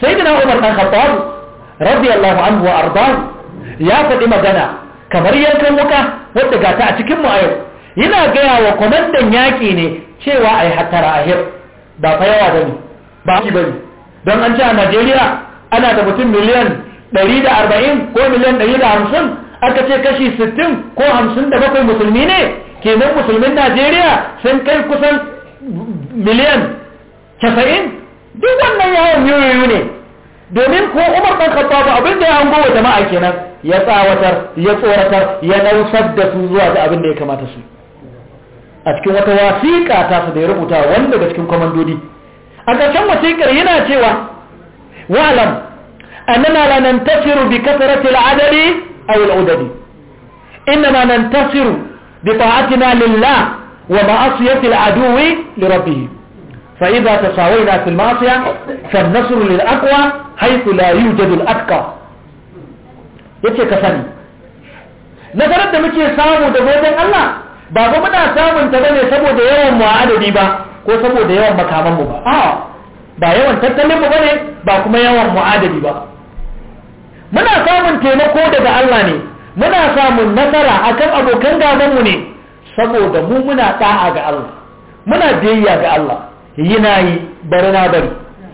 sai dina umar ɗan khattabu radiyallahu anhu wa ya faɗi magana kamar yankan wuka wadda gata a cikin mu a yau yana gaya wa kwamandan yaƙi ne cewa a yi hattara a hir ba fa yawa ba ne ba ba ne don an ce a najeriya ana da mutum miliyan 140 ko miliyan 150 aka ce kashi 60 ko 57 musulmi ne kenan musulmin najeriya sun kai kusan miliyan 90 duk wannan yawon yoyoyo ne domin ko umar ɗan khattab abin da ya hango wa jama'a kenan ya tsawatar ya tsoratar ya nausar da su zuwa ga abin da ya kamata su a cikin wata wasiƙa ta su da ya rubuta wanda daga cikin kwamandodi a ƙarshen wasiƙar yana cewa wa'alam annana la nantasiru bi kasrati al'adadi aw al'udadi innama nantasiru bi ta'atina lillah wa ma'asiyati al'aduwi li rabbih فإذا تساوينا في المعصية فالنصر للأقوى حيث لا يوجد الأتقى yace ka sani nasarar da muke samu da wajen Allah ba ba muna samun ta bane saboda yawan mu adadi ba ko saboda yawan makaman mu ba a ba yawan tattalin mu bane ba kuma yawan mu adadi ba muna samun taimako daga Allah ne muna samun nasara akan abokan gaban mu ne saboda mu muna da'a ga Allah muna biyayya ga Allah yi yi bari na bari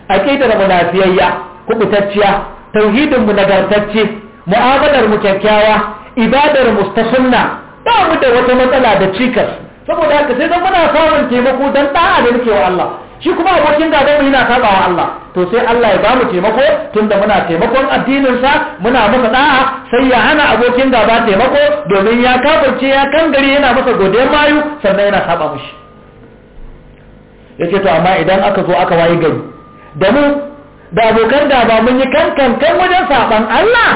a ƙeta da munafiyayya kubutacciya tauhidin mu nagartacce mu'amalar mu kyakkyawa ibadar mu ta sunna ba mu da wata matsala da cikas saboda haka sai zan muna samun taimako dan da'a da nake wa Allah shi kuma abokin gaban mu yana saba wa Allah to sai Allah ya ba mu taimako tunda muna taimakon addinin sa muna masa da'a sai ya hana abokin gaba taimako domin ya kafirce ya kangare yana masa godiyar mayu sannan yana saba mushi yace to amma idan aka zo aka waye gari da mu da abokan da ba mun yi kankankan wajen saban Allah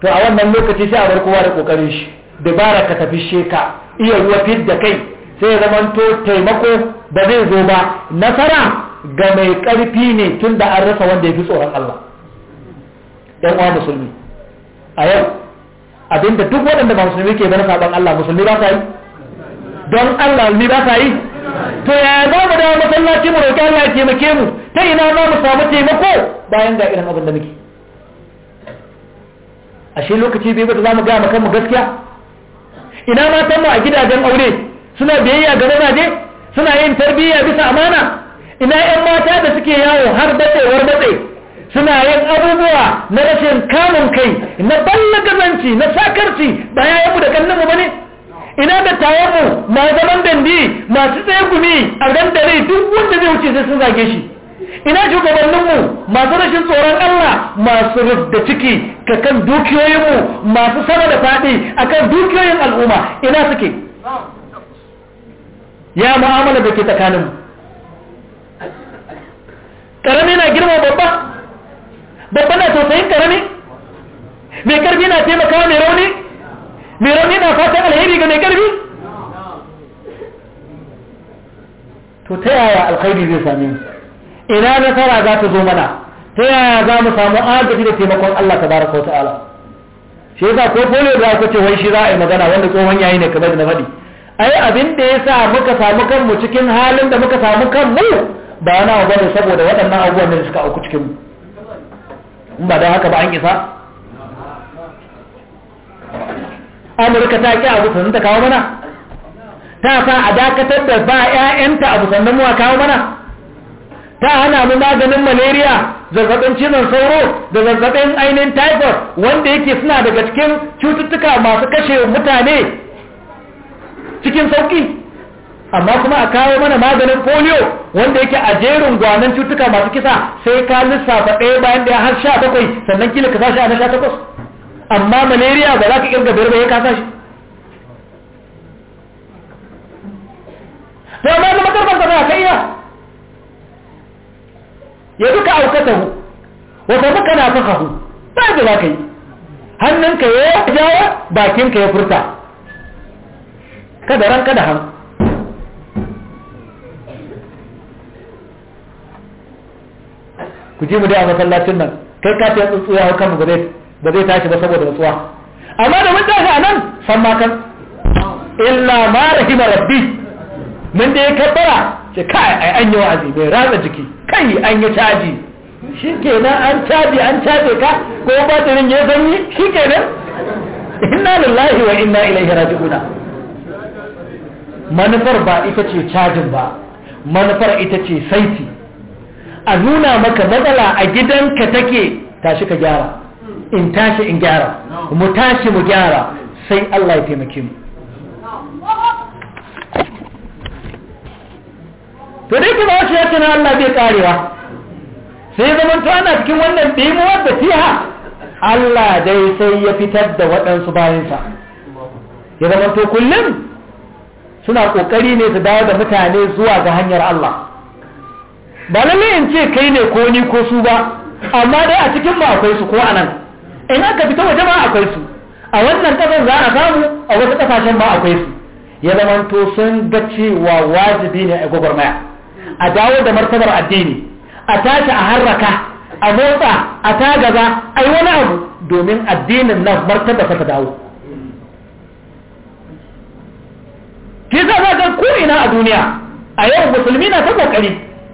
to a wannan lokaci sai a bar kowa da kokarin shi da dabara ka tafi sheka iya ruwa fit da kai sai ya zamanto taimako ba zai zo ba nasara ga mai karfi ne tun da an rasa wanda ya fi tsoron Allah ɗan uwa musulmi a yau abinda duk waɗanda ba musulmi ke bar saban Allah musulmi ba sa yi don Allah ni ba ta yi to ya za mu dawo masallaci mu roƙi Allah ya taimake mu ta ina za mu samu taimako bayan ga irin abin da muke ashe lokaci bai bata za mu gaya kanmu gaskiya ina matan mu a gidajen aure suna biyayya ga mazaje suna yin tarbiyya bisa amana ina yan mata da suke yawo har datsewar datse suna yin abubuwa na rashin kamun kai na ballagazanci na sakarci ba ya mu da mu ba ne ina da tayammu ma zaman dandi masu tsaye gumi a dandali duk wanda zai wuce sai sun zage shi ina shugabanninmu masu rashin tsoron Allah masu rubda ciki ka kan dukiyoyinmu masu sama da faɗi a kan dukiyoyin al'umma ina suke ya mu'amala da ke tsakaninmu Karami na girma babba babba na tausayin karami. mai ƙarfi na taimaka mai rauni mai rauni na fatan alheri ga mai karfi to ta yaya alkhairi zai same ni? ina nasara za ta zo mana ta yaya za mu samu agaji da taimakon Allah Ta tabaraka wa ta'ala shi yasa ko polio da ku ce wai shi za a yi magana wanda tsohon yayi ne kamar da na faɗi ai abin da ya sa muka samu kanmu cikin halin da muka samu kanmu ba wani abu ne saboda waɗannan abubuwan da suka auku cikin mu in ba don haka ba an isa amurka ta ƙi abu sannan ta kawo mana ta sa a dakatar da ba 'ya'yanta abu sannan muwa kawo mana ta hana mu maganin malaria zazzabin cizon sauro da zazzabin ainihin typhoid wanda yake suna daga cikin cututtuka masu kashe mutane cikin sauƙi, amma kuma a kawo mana maganin polio wanda yake a jerin gwanon cututtuka masu kisa sai ka lissafa ɗaya bayan ɗaya har sha bakwai sannan kila ka sashi a na sha takwas amma malaria ba za ka kirga biyar ba ya kasa shi da amma zama karfar da ba kai ya ya duka hu wata muka na hu ba da za ka yi hannunka ya yi jawa bakinka ya furta kada ranka da hannu ku ji mu dai a masallacin nan kai ka ta tsuntsu ya hau kan mu gudai ba zai tashi ba saboda nutsuwa amma da mun tashi a nan san makan illa ma rahima rabbi mun da ya kabbara ce kai ai an yi wa'azi bai ratsa jiki kai an yi caji shi kenan an caji an caje ka ko batirin ya zanyi shi kenan inna lillahi wa inna ilaihi raji'un manufar ba ita ce cajin ba manufar ita ce saiti a nuna maka matsala a gidanka take tashi ka gyara in tashi in gyara mu tashi mu gyara sai Allah ya taimake mu to dai kuma wasu ya cina Allah bai karewa sai zama to ana cikin wannan ɗimuwar da fiya Allah dai sai ya fitar da waɗansu bayansa ya zama to kullum suna ƙoƙari ne su dawo da mutane zuwa ga hanyar Allah ba lallai in ce kai ne ko ni ko su ba amma dai a cikin akwai su ko anan in aka fito waje ma akwai su a wannan kasar za a samu a wasu kasashen ma akwai su ya zamanto sun ga cewa wajibi ne a gwagwarmaya a dawo da martabar addini a tashi a harraka a motsa a tagaza a yi wani abu domin addinin nan martabar ta dawo ke za a ga ko'ina a duniya a yau musulmi na ta kokari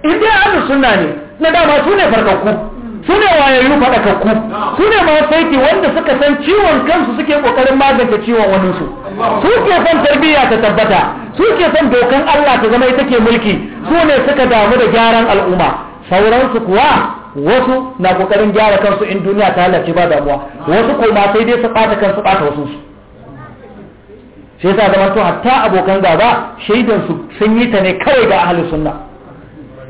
in dai an sunna ne na dama su ne farkakku su ne wayayyu faɗakakku sune ne saiti wanda suka san ciwon kansu suke ƙoƙarin magance ciwon waninsu su ke son tarbiyya ta tabbata suke ke son dokan Allah ta zama ita ke mulki su ne suka damu da gyaran al'umma sauransu kuwa wasu na kokarin gyara kansu in duniya ta halarci ba damuwa wasu ko sai dai su ɓata kansu ɓata wasu su sai yasa zaman to hatta abokan gaba shaidansu su sun yi ta ne kawai ga ahli sunna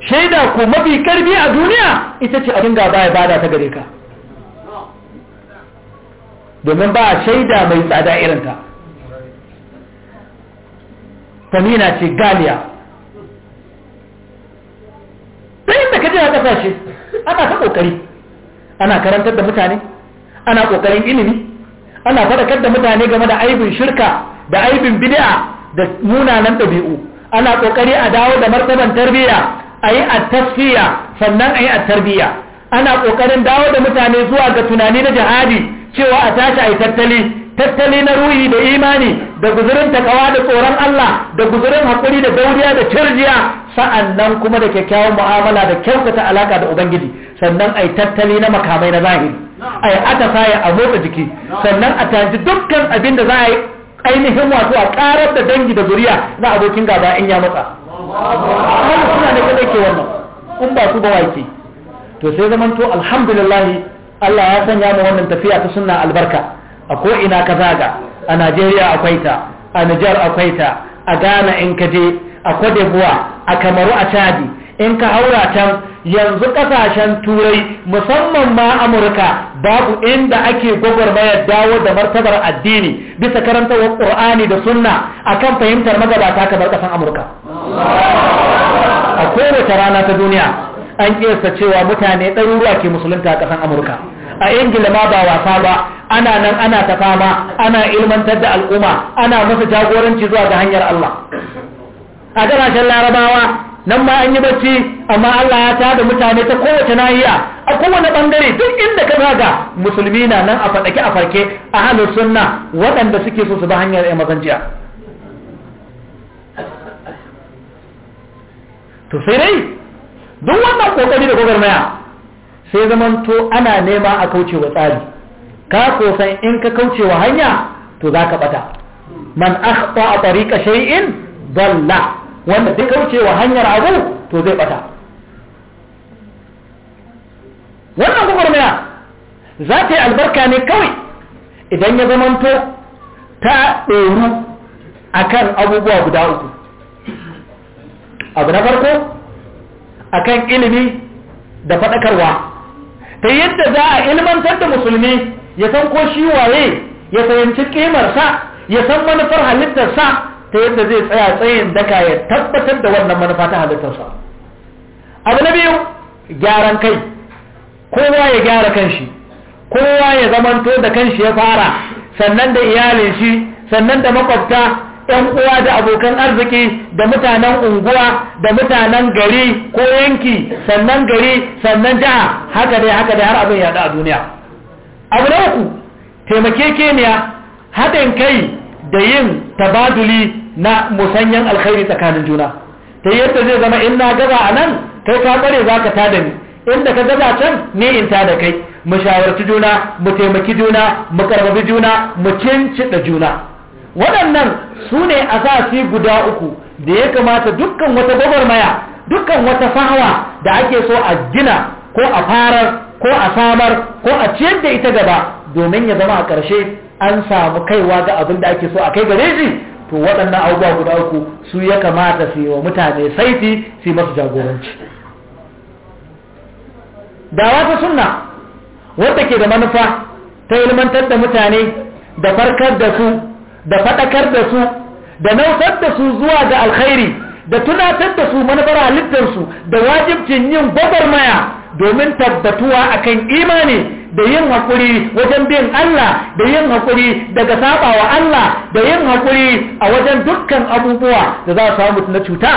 shaida ko mafi karfi a duniya ita ce abin gaba ya bada ta gare ka domin ba shaida mai tsada irinta tamina ce galiya sai inda ka jira kasashe ana ta kokari ana karantar da mutane ana kokarin ilimi ana faɗakar da mutane game da aibin shirka da aibin bid'a da munanan ɗabi'u ana kokari a dawo da martaban tarbiyya a yi a tasfiya sannan a yi a tarbiya ana ƙoƙarin dawo da mutane zuwa ga tunani na jihadi cewa a tashi a yi tattali tattali na ruhi da imani da guzurin takawa da tsoron Allah da guzurin haƙuri da dauriya da cirjiya sa'annan kuma da kyakkyawan mu'amala da kyautata alaka da ubangiji sannan a yi tattali na makamai na zahiri a yi atasa ya a motsa jiki sannan a tanji dukkan abin da za a yi ainihin wato a karar da dangi da zuriya na abokin gaba in ya matsa wannan suna ne kadai ke wannan in ba su ba wake to sai zaman to alhamdulillah Allah ya sanya mu wannan tafiya ta sunna albarka a ko ina ka zaga a Najeriya akwai ta a Nijar akwai ta a Ghana in ka je a Cote d'Ivoire a Kamaru a Chadi in ka haura can yanzu kasashen turai musamman ma amurka babu inda ake gwagwarmayar dawo da martabar addini bisa karantarwar ƙur'ani da sunna akan fahimtar magabata kamar kasan amurka a kowace rana ta duniya an ƙesa cewa mutane ruwa ke musulunta a ƙasan amurka a ingila ma ba wasa ba ana nan ana ta fama ana ilmantar da al'umma ana musu jagoranci zuwa ga hanyar allah a ƙasashen larabawa nan ma an yi bacci amma Allah ya tada mutane ta kowace nahiya a kowane bangare duk inda ka zaga musulmi na nan a fadake a farke a halin sunna waɗanda suke so su ba hanyar ya mazanciya to sai dai duk wannan kokari da gwagwarmaya sai zamanto ana nema a kaucewa tsari ka kosan in ka kauce wa hanya to za ka bata man akhta a tariqa shay'in dalla wanda duk kaucewa hanyar abu to zai bata wannan gwagwarmaya za ta yi albarka ne kawai idan ya zamanto ta ɗoru a kan abubuwa guda uku abu na farko a kan ilimi da faɗakarwa ta yadda za a ilmantar da musulmi ya san ko shi waye ya fahimci ƙimarsa ya san manufar halittarsa ta yadda zai tsaya tsayin daka ya tabbatar da wannan manufa ta halittarsa abu na biyu gyaran kai kowa ya gyara kanshi kowa ya zamanto da kanshi ya fara sannan da iyalin shi sannan da makwabta ɗan uwa da abokan arziki da mutanen unguwa da mutanen gari ko yanki sannan gari sannan jiha haka dai haka dai har abin yaɗa a duniya abu na uku taimakekeniya haɗin kai da yin tabaduli na musanyan alkhairi tsakanin juna ta yadda zai zama in na gaza a nan kai ka bare za ka tada ni inda ka gaza can ne in tada kai mu shawarci juna mu taimaki juna mu karbabi juna mu da juna waɗannan su ne asasi guda uku da ya kamata dukkan wata gwagwarmaya dukkan wata fahawa da ake so a gina ko a farar ko a samar ko a ciyar da ita gaba domin ya zama a ƙarshe an samu kaiwa ga abin da ake so a kai gare shi to waɗannan abubuwa guda uku su ya kamata su yi wa mutane saiti su yi masu jagoranci Da wata sunna wadda ke da manufa ta ilmantar da mutane da farkar da su da faɗakar da su da nausar da su zuwa ga alkhairi da tunatar da su manufar halittarsu da wajibcin yin gwagwarmaya domin tabbatuwa akan imani da yin hakuri wajen bin Allah da yin hakuri daga sabawa Allah da yin hakuri a wajen dukkan abubuwa da za su samu na cuta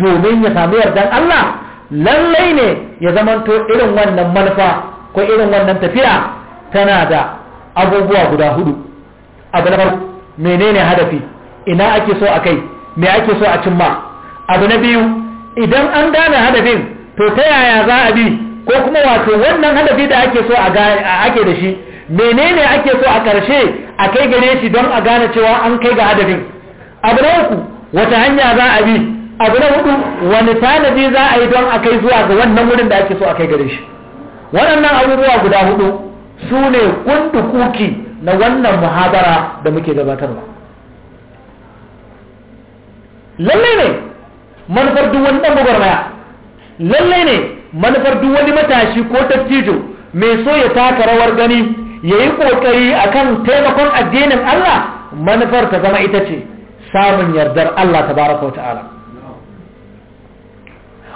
domin ya samu yardan Allah lallai ne ya zamanto irin wannan manufa ko irin wannan tafiya tana da abubuwa guda hudu abu na farko menene hadafi ina ake so a kai me ake so a cimma abu na biyu idan an gane hadafin to ta yaya za a bi ko kuma wato wannan hadafi da ake so a ake da shi menene ake so a ƙarshe a kai gare shi don a gane cewa an kai ga hadafin abu na uku wata hanya za a bi abu na hudu wani tanadi za a yi don a kai zuwa ga wannan wurin da ake so a kai gare shi waɗannan abubuwa guda hudu su ne kundukuki na wannan muhabara da muke gabatarwa lallai ne manufar duk wannan gwagwarmaya lallai ne manufar duk wani matashi ko dattijo mai so ya taka rawar gani ya yi ƙoƙari a kan taimakon addinin Allah manufar ta zama ita ce samun yardar Allah ta baraka ta'ala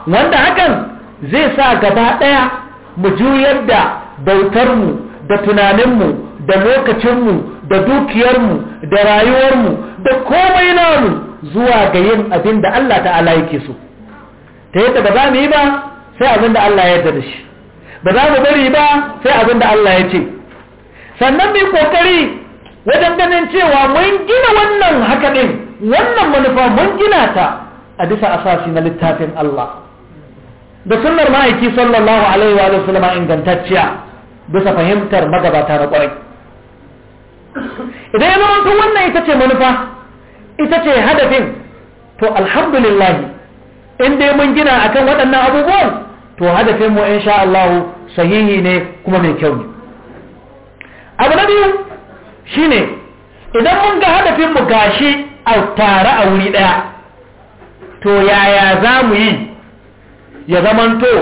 wanda hakan zai sa gaba ɗaya mu juyar da bautarmu da tunaninmu da lokacinmu da dukiyarmu da rayuwarmu da komai namu zuwa ga yin abin da Allah ta'ala yake so ta yadda ba za mu yi ba sai abin da Allah ya yarda da shi ba za mu bari ba sai abin da Allah ya ce sannan mu kokari wajen ganin cewa mun gina wannan haka din wannan manufa mun gina ta a bisa asasi na littafin Allah da sunnar ma'aiki sallallahu alaihi wa sallama ingantacciya bisa fahimtar magabata na kwarai idan ya zama wannan ita ce manufa ita ce hadafin to alhamdulillah in dai mun gina akan waɗannan abubuwan to hadafin mu insha Allah sahihi ne kuma mai kyau ne abu na biyu shine idan mun ga hadafin mu gashi a tare a wuri daya to yaya za mu yi ya zamanto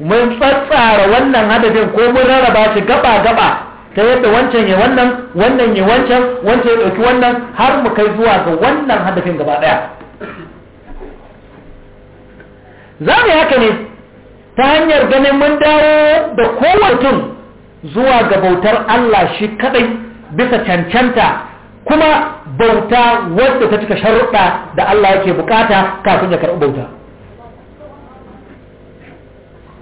mun tsatsara wannan hadafin ko mun rarraba shi gaba gaba ta yadda wancan ya wannan wannan ya wancan wancan ya dauki wannan har mu kai zuwa ga wannan hadafin gaba daya za mu yi haka ne ta hanyar ganin mun dawo da mutum zuwa ga bautar Allah shi kadai bisa cancanta kuma bauta wadda ta cika sharuɗa da Allah yake bukata kafin ya karɓi bauta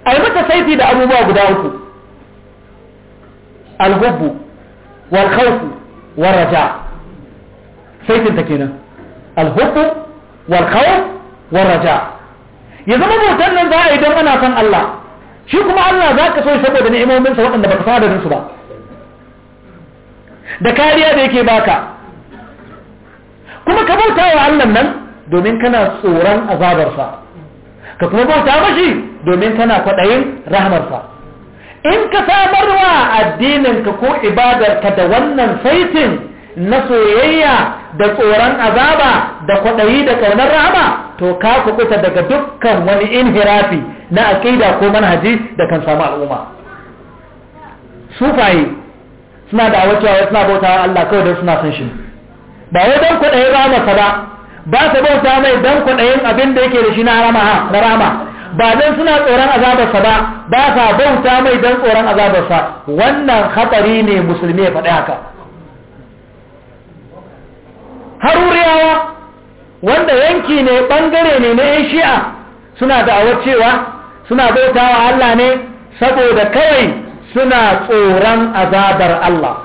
a yi mata saiti da abubuwa guda uku alhubbu wal khawfu raja saitin kenan alhubbu wal khawf raja ya zama bautan nan za a yi don ana son Allah shi kuma Allah za ka so shi saboda ni'imominsa waɗanda ba ka saba da su ba da kariya da yake baka kuma ka bauta wa Allah nan domin kana tsoron azabarsa ka kuma bauta mashi domin kana kwaɗayin rahamarsa in ka samarwa ka ko ibadarka da wannan faitin. na soyayya da tsoron azaba da kwaɗayi da ƙaunar rama, to ka kukuta daga dukkan wani inhirafi na aƙida ko manhaji da kan samu al'umma sufaye suna da awacewa suna bauta Allah kawai don suna son shi ba wai don kwaɗayi ba masa ba ba su bauta mai don kwaɗayin abin da yake da shi na rama ba don suna tsoron azabarsa ba ba sa bauta mai don tsoron azabarsa wannan hatsari ne musulmi ya faɗi haka haruriyawa wanda yanki ne bangare ne na yan shi'a suna da'awar cewa suna bautawa Allah ne saboda kawai suna tsoron azabar Allah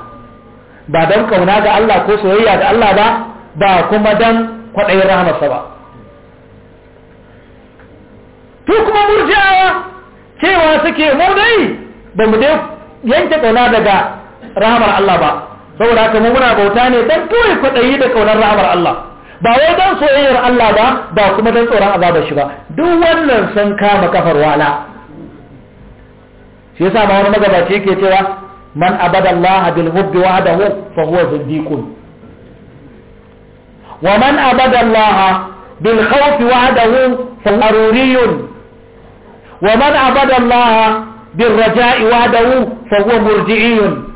ba don kauna ga Allah ko soyayya ga Allah ba ba kuma don kwaɗayin rahamarsa ba to kuma cewa suke mu ba mu dai yanke kauna daga rahamar Allah ba saboda haka mu muna bauta ne dan kawai kwaɗayi da ƙaunar ra'amar Allah ba wai dan soyayyar Allah ba ba kuma dan tsoron azabar shi ba duk wannan sun kama kafar wala shi yasa ma wani magabaci yake cewa man abada Allah bil hubbi wahdahu fa huwa siddiqun wa man abada Allah bil khawfi wahdahu fa aruriyun wa man abada Allah bil raja'i wahdahu fa huwa murji'iyun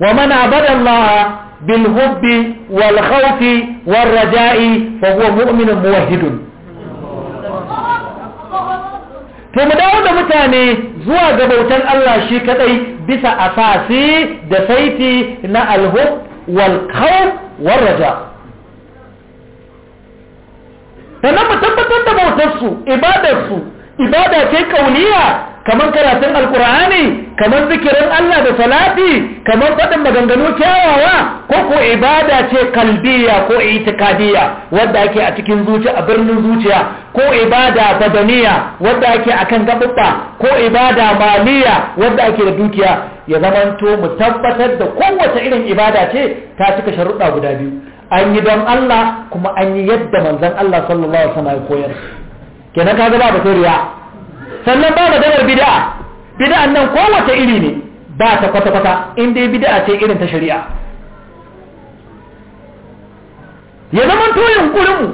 ومن عبد الله بالحب والخوف والرجاء فهو مؤمن موحد to mu dawo da mutane zuwa ga bautar Allah shi kadai bisa asasi da saiti na alhub wal khawf war raja sannan mu tabbatar da bautar su ibadar su ibada ce kauniya kamar karatun alkur'ani kamar zikirin Allah da salati kamar faɗin maganganu kyawawa ko ko ibada ce kalbiya ko itikadiya wadda ake a cikin zuciya a birnin zuciya ko ibada badaniya wadda ake akan gaɓuɓɓa, ko ibada maliya wadda ake da dukiya ya zamanto mu tabbatar da kowace irin ibada ce ta cika sharuɗa guda biyu an yi don Allah kuma an yi yadda manzon Allah sallallahu alaihi wasallam ya koyar kenan kaga ba da riya sannan ba maganar bid'a bid'an nan kowace iri ne ba ta kwata-kwata in dai bid'a ce irin ta shari'a ya zama toyin yunkurinmu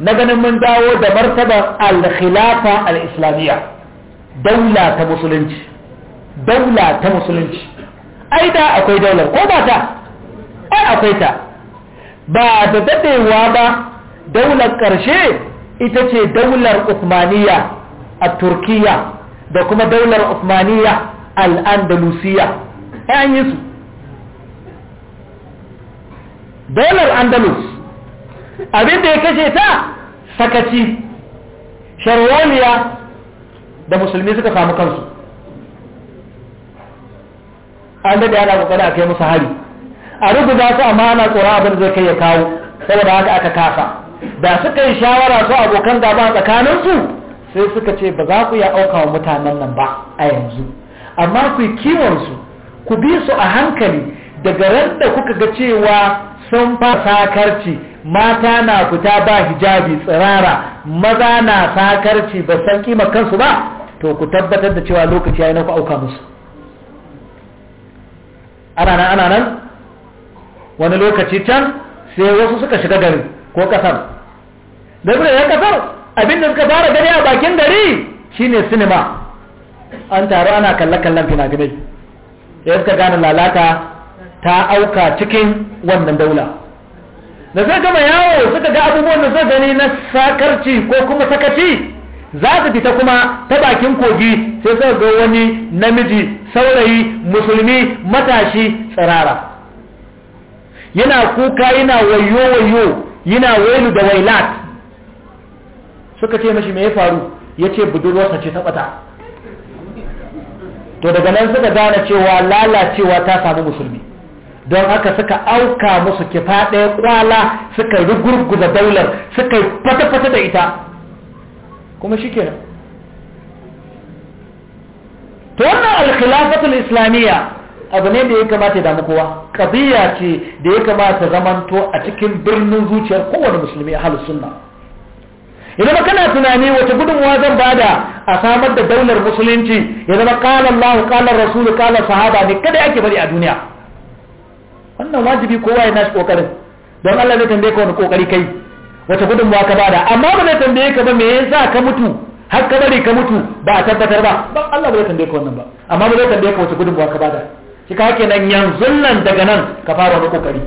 na ganin mun dawo da martabar al-khilafa al-islamiyya daula ta musulunci daula ta musulunci ai da akwai daular ko ba ta ai akwai ta ba da dadewa ba daular karshe ita ce daular Usmaniyya. a turkiya da kuma daular osmaniya al'andalusiya an yi su daular andalus abinda ya kashe ta sakaci sharwaliya da musulmi suka samu kansu an daɗe ana kokari a kai musu hari a za su amana ana tsoron abin zai kai ya kawo saboda haka aka kasa da suka yi shawara su abokan gaba tsakaninsu sai suka ce ba za ku ya auka wa mutanen nan ba a yanzu amma ku yi su ku bi su a hankali daga ran da kuka ga cewa sun fa sakarci mata na fita ba hijabi tsirara maza na sakarci ba san kima kansu ba to ku tabbatar da cewa lokaci yayi ku auka musu ana nan ana nan wani lokaci can sai wasu suka shiga gari ko kasar da ya kasar Abin da suka fara gani a bakin gari shine sinima an taru ana kalle-kallen fina-finai ya suka gane lalata ta auka cikin wannan daula da zai gama yawo suka ga abubuwan da zai gani na sakarci ko kuma sakaci za su fita kuma ta bakin kogi sai suka ga wani namiji saurayi musulmi matashi tsirara yana kuka yana wayo-wayo yana wailu da wailat suka ce mashi me ya faru ya ce budurwarsa ce ta bata to daga nan suka gane cewa lalacewa ta samu musulmi don haka suka auka musu kifa ɗaya kwala suka rugurguza daular suka yi fata-fata da ita kuma shi kenan to wannan alkhilafatul islamiyya abu ne da ya kamata damu kowa ƙabiya ce da ya kamata zamanto a cikin birnin zuciyar kowane musulmi a halin sunna idan zama kana tunani wace gudunmuwa zan bada a samar da daular musulunci ya zama kala Allah kala Rasul kala sahaba ne kada yake bari a duniya wannan wajibi kowa ya nashi kokarin don Allah zai tambaye ka wani kokari kai wace gudunmuwa ka bada amma ba zai tambaye ka ba me yasa ka mutu har ka bari ka mutu ba a tabbatar ba don Allah ba zai tambaye ka wannan ba amma ba zai tambaye ka wata gudunmuwa ka bada shi ka hake nan yanzu nan daga nan ka fara wani kokari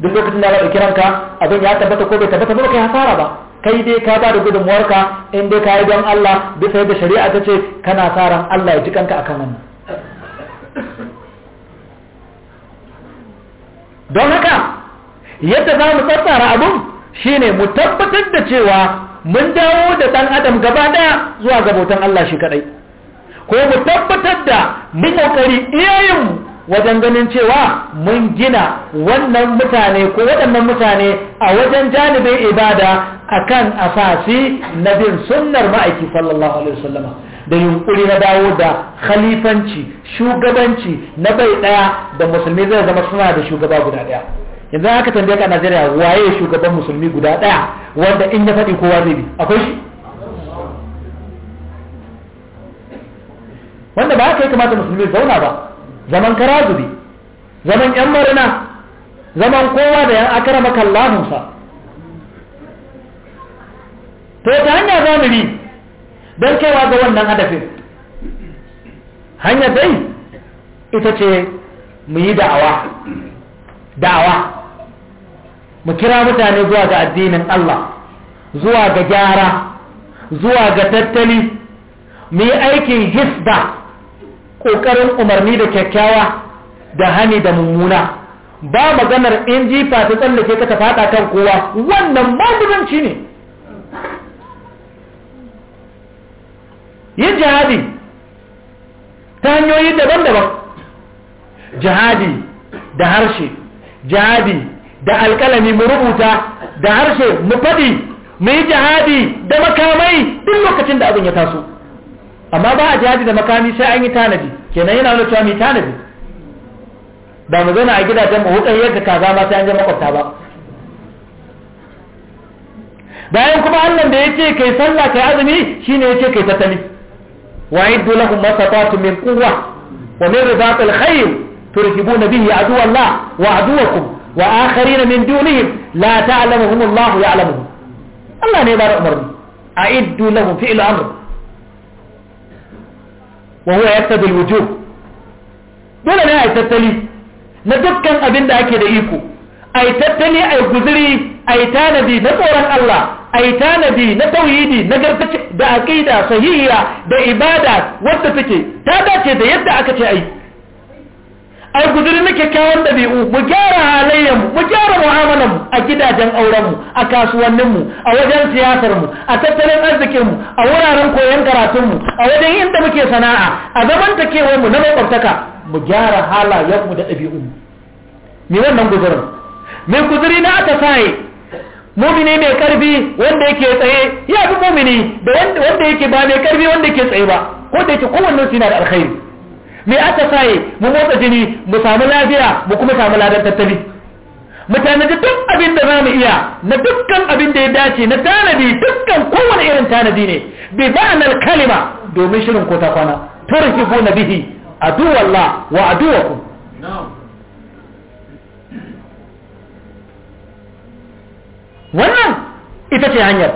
duk lokacin da Allah ya kiranka abin ya tabbata ko bai tabbata ba kai hasara ba kai dai ka ba da gudunmuwarka in dai ka yi don Allah bisa yadda shari'a ta ce kana sa ran Allah ya ji kanka akan wannan don haka yadda za mu tsatsara abun shine mu tabbatar da cewa mun dawo da ɗan adam gaba ɗaya zuwa gabotan Allah shi kaɗai ko mu tabbatar da mu ƙoƙari iyayenmu wajen ganin cewa mun gina wannan mutane ko waɗannan mutane a wajen janibin ibada akan asasi na bin sunnar ma'aiki sallallahu alaihi wasallama da yunkuri na dawo da khalifanci shugabanci na bai ɗaya da musulmi zai zama suna da shugaba guda daya yanzu aka tambaye ka Najeriya waye shugaban musulmi guda daya wanda in ya faɗi kowa zai bi akwai shi wanda ba ka yi kamata musulmi zauna ba zaman karazubi zaman yan marina zaman kowa da yan akara makallahunsa to ta hanya zamani don kaiwa ga wannan hadafin hanya dai ita ce mu yi da'awa da'awa mu kira mutane zuwa ga addinin Allah zuwa ga gyara zuwa ga tattali mu yi aikin hisba ƙoƙarin umarni da kyakkyawa da hani da mummuna ba maganar in jifa ta tsallake ka ta faɗa kan kowa wannan mazubanci ne yin jihadi ta hanyoyi daban-daban jihadi da harshe jihadi da alkalami mu rubuta da harshe mu faɗi mu yi jihadi da makamai duk lokacin da abin ya taso amma ba a jihadi da makami sai an yi tanadi kenan yana wani cewa mai tanadi ba mu zana a gidajen mu hukan yadda kaza ma sai an je makwabta ba bayan kuma Allah da yace kai sallah kai azumi shine yace kai tattali wa iddu lahum masatatu min quwwa wa min ribat al-khayr turhibuna bihi adu Allah wa aduwakum wa akharin min dunihim la ta'lamuhum Allah ya'lamuhum Allah ne ya bada umarni a'iddu lahum fi'l amr wa ya yaqtadi al dole ne ai tattali na dukkan abin da ake da iko yi tattali ai a yi tanadi na tsoron Allah yi tanadi na tauhidi na gartace da aqida sahiha da ibada wadda take ta dace da yadda aka ce A yi guzuri na kyakkyawan dabi'u mu gyara halayen mu gyara a gidajen aurenmu a kasuwanninmu a wajen siyasarmu a tattalin arzikinmu a wuraren koyon karatunmu a wajen inda muke sana'a a zaman zamantakewarmu na makwabtaka mu gyara halayenmu da ɗabi'unmu me wannan guzurin me guzuri na aka saye mumini mai karfi wanda yake tsaye ya fi mumini da wanda yake ba mai karfi wanda yake tsaye ba ko da yake kowanne su yana da alkhairi me aka saye mu motsa jini mu samu lafiya mu kuma samu ladan tattali mu da duk abin da za mu iya na dukkan abin da ya dace na tanadi dukkan kowane irin tanadi ne bi ma'anar kalima domin shirin ko ta kwana turhibu na bihi aduwallah wa aduwakum wannan ita ce hanyar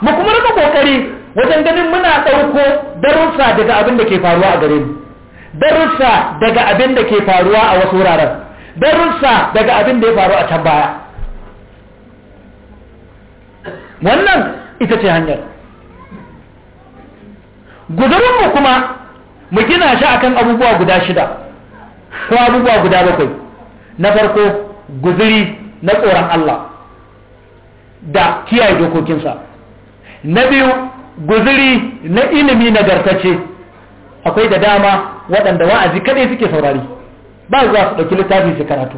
mu kuma rika kokari wajen ganin muna ɗauko darussa daga abin da ke faruwa a gare mu darussa daga abin da ke faruwa a wasu wuraren darussa daga abin da ya faru a can baya wannan ita ce hanyar guzurinmu kuma mu gina shi akan abubuwa guda shida ko abubuwa guda bakwai na farko guzuri na tsoron Allah da kiyaye dokokinsa na biyu guzuri na ilimi na gartace akwai da dama waɗanda wa'azi kadai suke saurari ba za su ɗauki littafi su karatu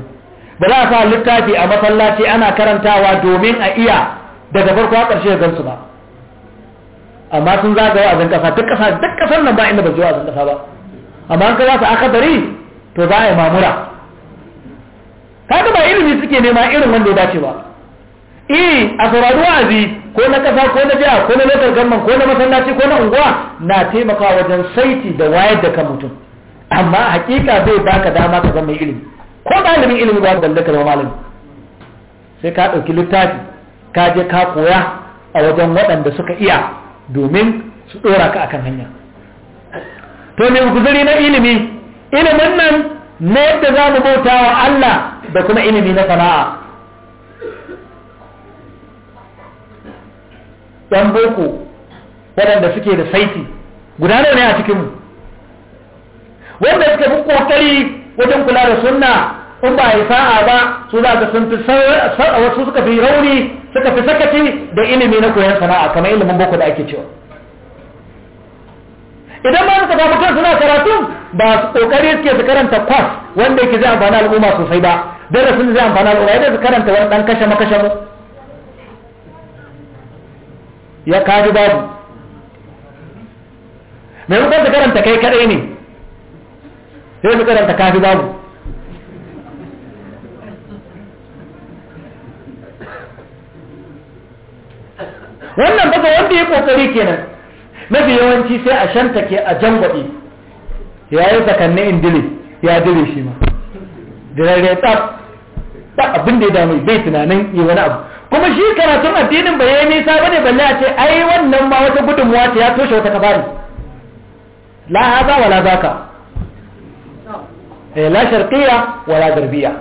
ba za a sa littafi a masallaci ana karantawa domin a iya daga farko a ƙarshe gan su ba amma sun zagaya wa'azin ƙasa duk ƙasa duk ƙasar nan ba inda ba zuwa wa'azin ƙasa ba amma an za su aka dari to za a yi mamura kaga ba ilimi suke nema irin wanda ya dace ba eh a saurari wa'azi ko na kasa ko na jiha ko na lokal gamman ko na masallaci ko na unguwa na taimakawa wajen saiti da wayar da kan mutum amma hakika zai baka dama ka zama ilimi ko malamin ilimi ba balle ka zama malami sai ka ɗauki littafi ka je ka koya a wajen waɗanda suka iya domin su ɗora ka akan hanya to mai guzuri na ilimi ilimin nan na yadda za mu bauta Allah da kuma ilimi na sana'a ɗan boko waɗanda suke da saiti guda nawa ne a cikinmu wanda suke fi ƙoƙari wajen kula da sunna in ba yi sa'a ba su za ka sun fi wasu suka fi rauni suka fi sakaci da ilimi na koyon sana'a kamar ilimin boko da ake cewa idan ba suka samu suna karatu ba su kokari suke su karanta kwas wanda yake zai amfani al'umma sosai ba darasin zai amfani al'umma yadda su karanta wani dan kashe makashe mu ya kaji babu mai rukar da karanta kai kadai ne sai su karanta kaji babu wannan daga wanda ya kokari kenan mafi yawanci sai a shanta ke a jangwaɗe ya yi sakannin indile ya dire shi ma da rarrai tsab abin da ya damu bai tunanin yi wani abu kuma shi karatun addinin ba yi nisa bane balle a ce ai wannan ma wata gudunmuwa ce ya toshe wata kabari la haza wala zaka eh la sharqiyya wala garbiyya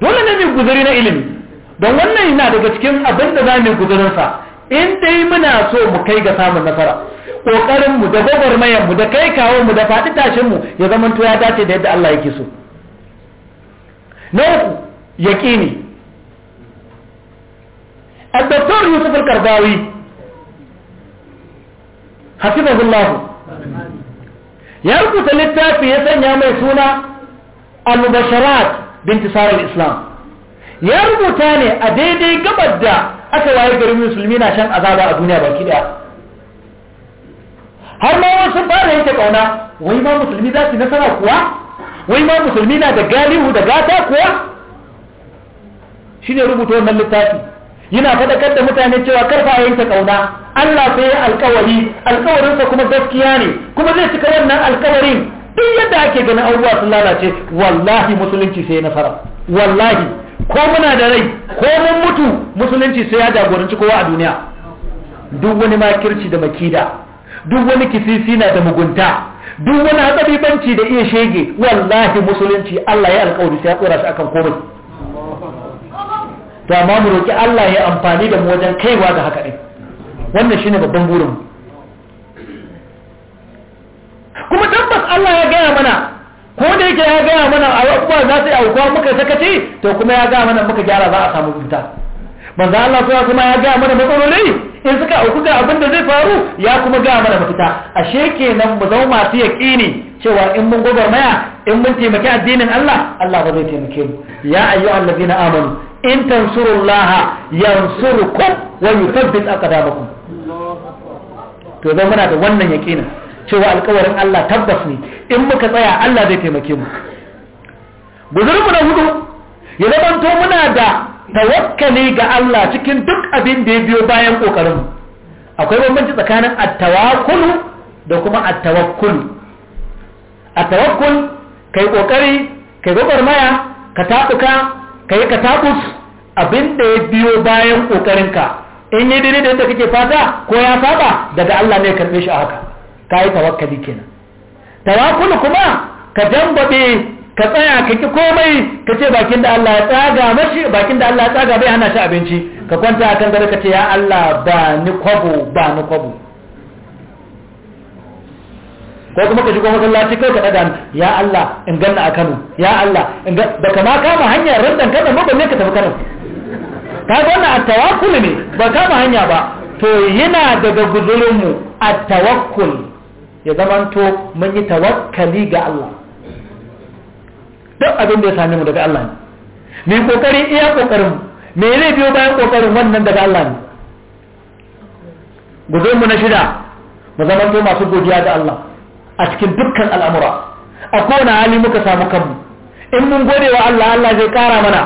dole ne mu guzuri na ilimi don wannan yana daga cikin abin da za mu guzurin sa in dai muna so mu kai ga samun nasara kokarin mu da gwagwarmayar mu da kai kawo mu da faɗi tashin mu ya zama to ya dace da yadda Allah yake so na uku yaƙini yusuf Yusuf الكرباوي حسبه الله ya rubuta littafi ya sanya mai suna al-mubasharat bintisar islam ya rubuta ne a daidai gabar da aka waye garin musulmi na shan azaba a duniya baki daya har ma wasu fara yake kauna wai ma musulmi za su nasara kuwa wai ma musulmi na da galihu da gata kuwa shine rubuta wannan littafi yana faɗakar da mutane cewa karfa yanke kauna Allah sai ya alkawari alkawarinsa kuma gaskiya ne kuma zai cika wannan alkawarin duk yadda ake ganin abubuwa sun lalace wallahi musulunci sai nasara wallahi ko muna da rai ko mun mutu musulunci sai ya jagoranci kowa a duniya duk wani makirci da makida duk wani kisisi na da mugunta duk wani banci da iya shege wallahi musulunci Allah ya alƙawari sai ya tsora shi akan komai to amma mu roki Allah ya amfani da mu wajen kaiwa ga haka ɗin wannan shine babban burin mu kuma tabbas Allah ya gaya mana ko da yake ya gaya mana a wasu ba za su yi aukuwa muka sakaci to kuma ya gaya mana muka gyara za a samu zuta manzo Allah sai kuma ya ga mana matsaloli in suka auku ga abin da zai faru ya kuma ga mana mafita ashe kenan mu zama masu yaqini cewa in mun gwagwarmaya in mun taimaki addinin Allah Allah ba zai taimake mu ya ayyuhal ladina amanu in tansurullaha yansurukum wa yuthabbit aqdamakum to zan muna da wannan yaqinin cewa alƙawarin Allah tabbas ne in muka tsaya Allah zai taimake mu guzurinmu na hudu ya to muna da tawakkali ga Allah cikin duk abin da ya biyo bayan kokarin akwai bambanci tsakanin at-tawakkul da kuma at-tawakkul at-tawakkul kai kokari kai maya, ka tabuka kai ka tabus abin da ya biyo bayan kokarinka in yi dire da yadda kake fata ko ya saba daga Allah ne karbe shi a haka kai tawakkali kenan tawakkul kuma ka jambabe ka tsaya ka ki komai ka ce bakin da Allah ya tsaga mashi bakin da Allah ya tsaga bai hana shi abinci ka kwanta a kan gado ka ce ya Allah ba ni kwabo ba ni kwabo ko kuma ka shigo masallaci kai ka daga ya Allah in ganna a Kano ya Allah in ga da kama kama hanyar randan Kano ba balle ka tafi Kano ka ga wannan at-tawakkul ne ba kama hanya ba to yana daga mu at-tawakkul ya zamanto mun yi tawakkali ga Allah duk abin da ya same mu daga Allah ne mai kokari iya kokarin me ne biyo bayan kokarin wannan daga Allah ne gudun mu na shida mu zama to masu godiya ga Allah a cikin dukkan al'amura a kowane hali muka samu kanmu in mun gode wa Allah Allah zai kara mana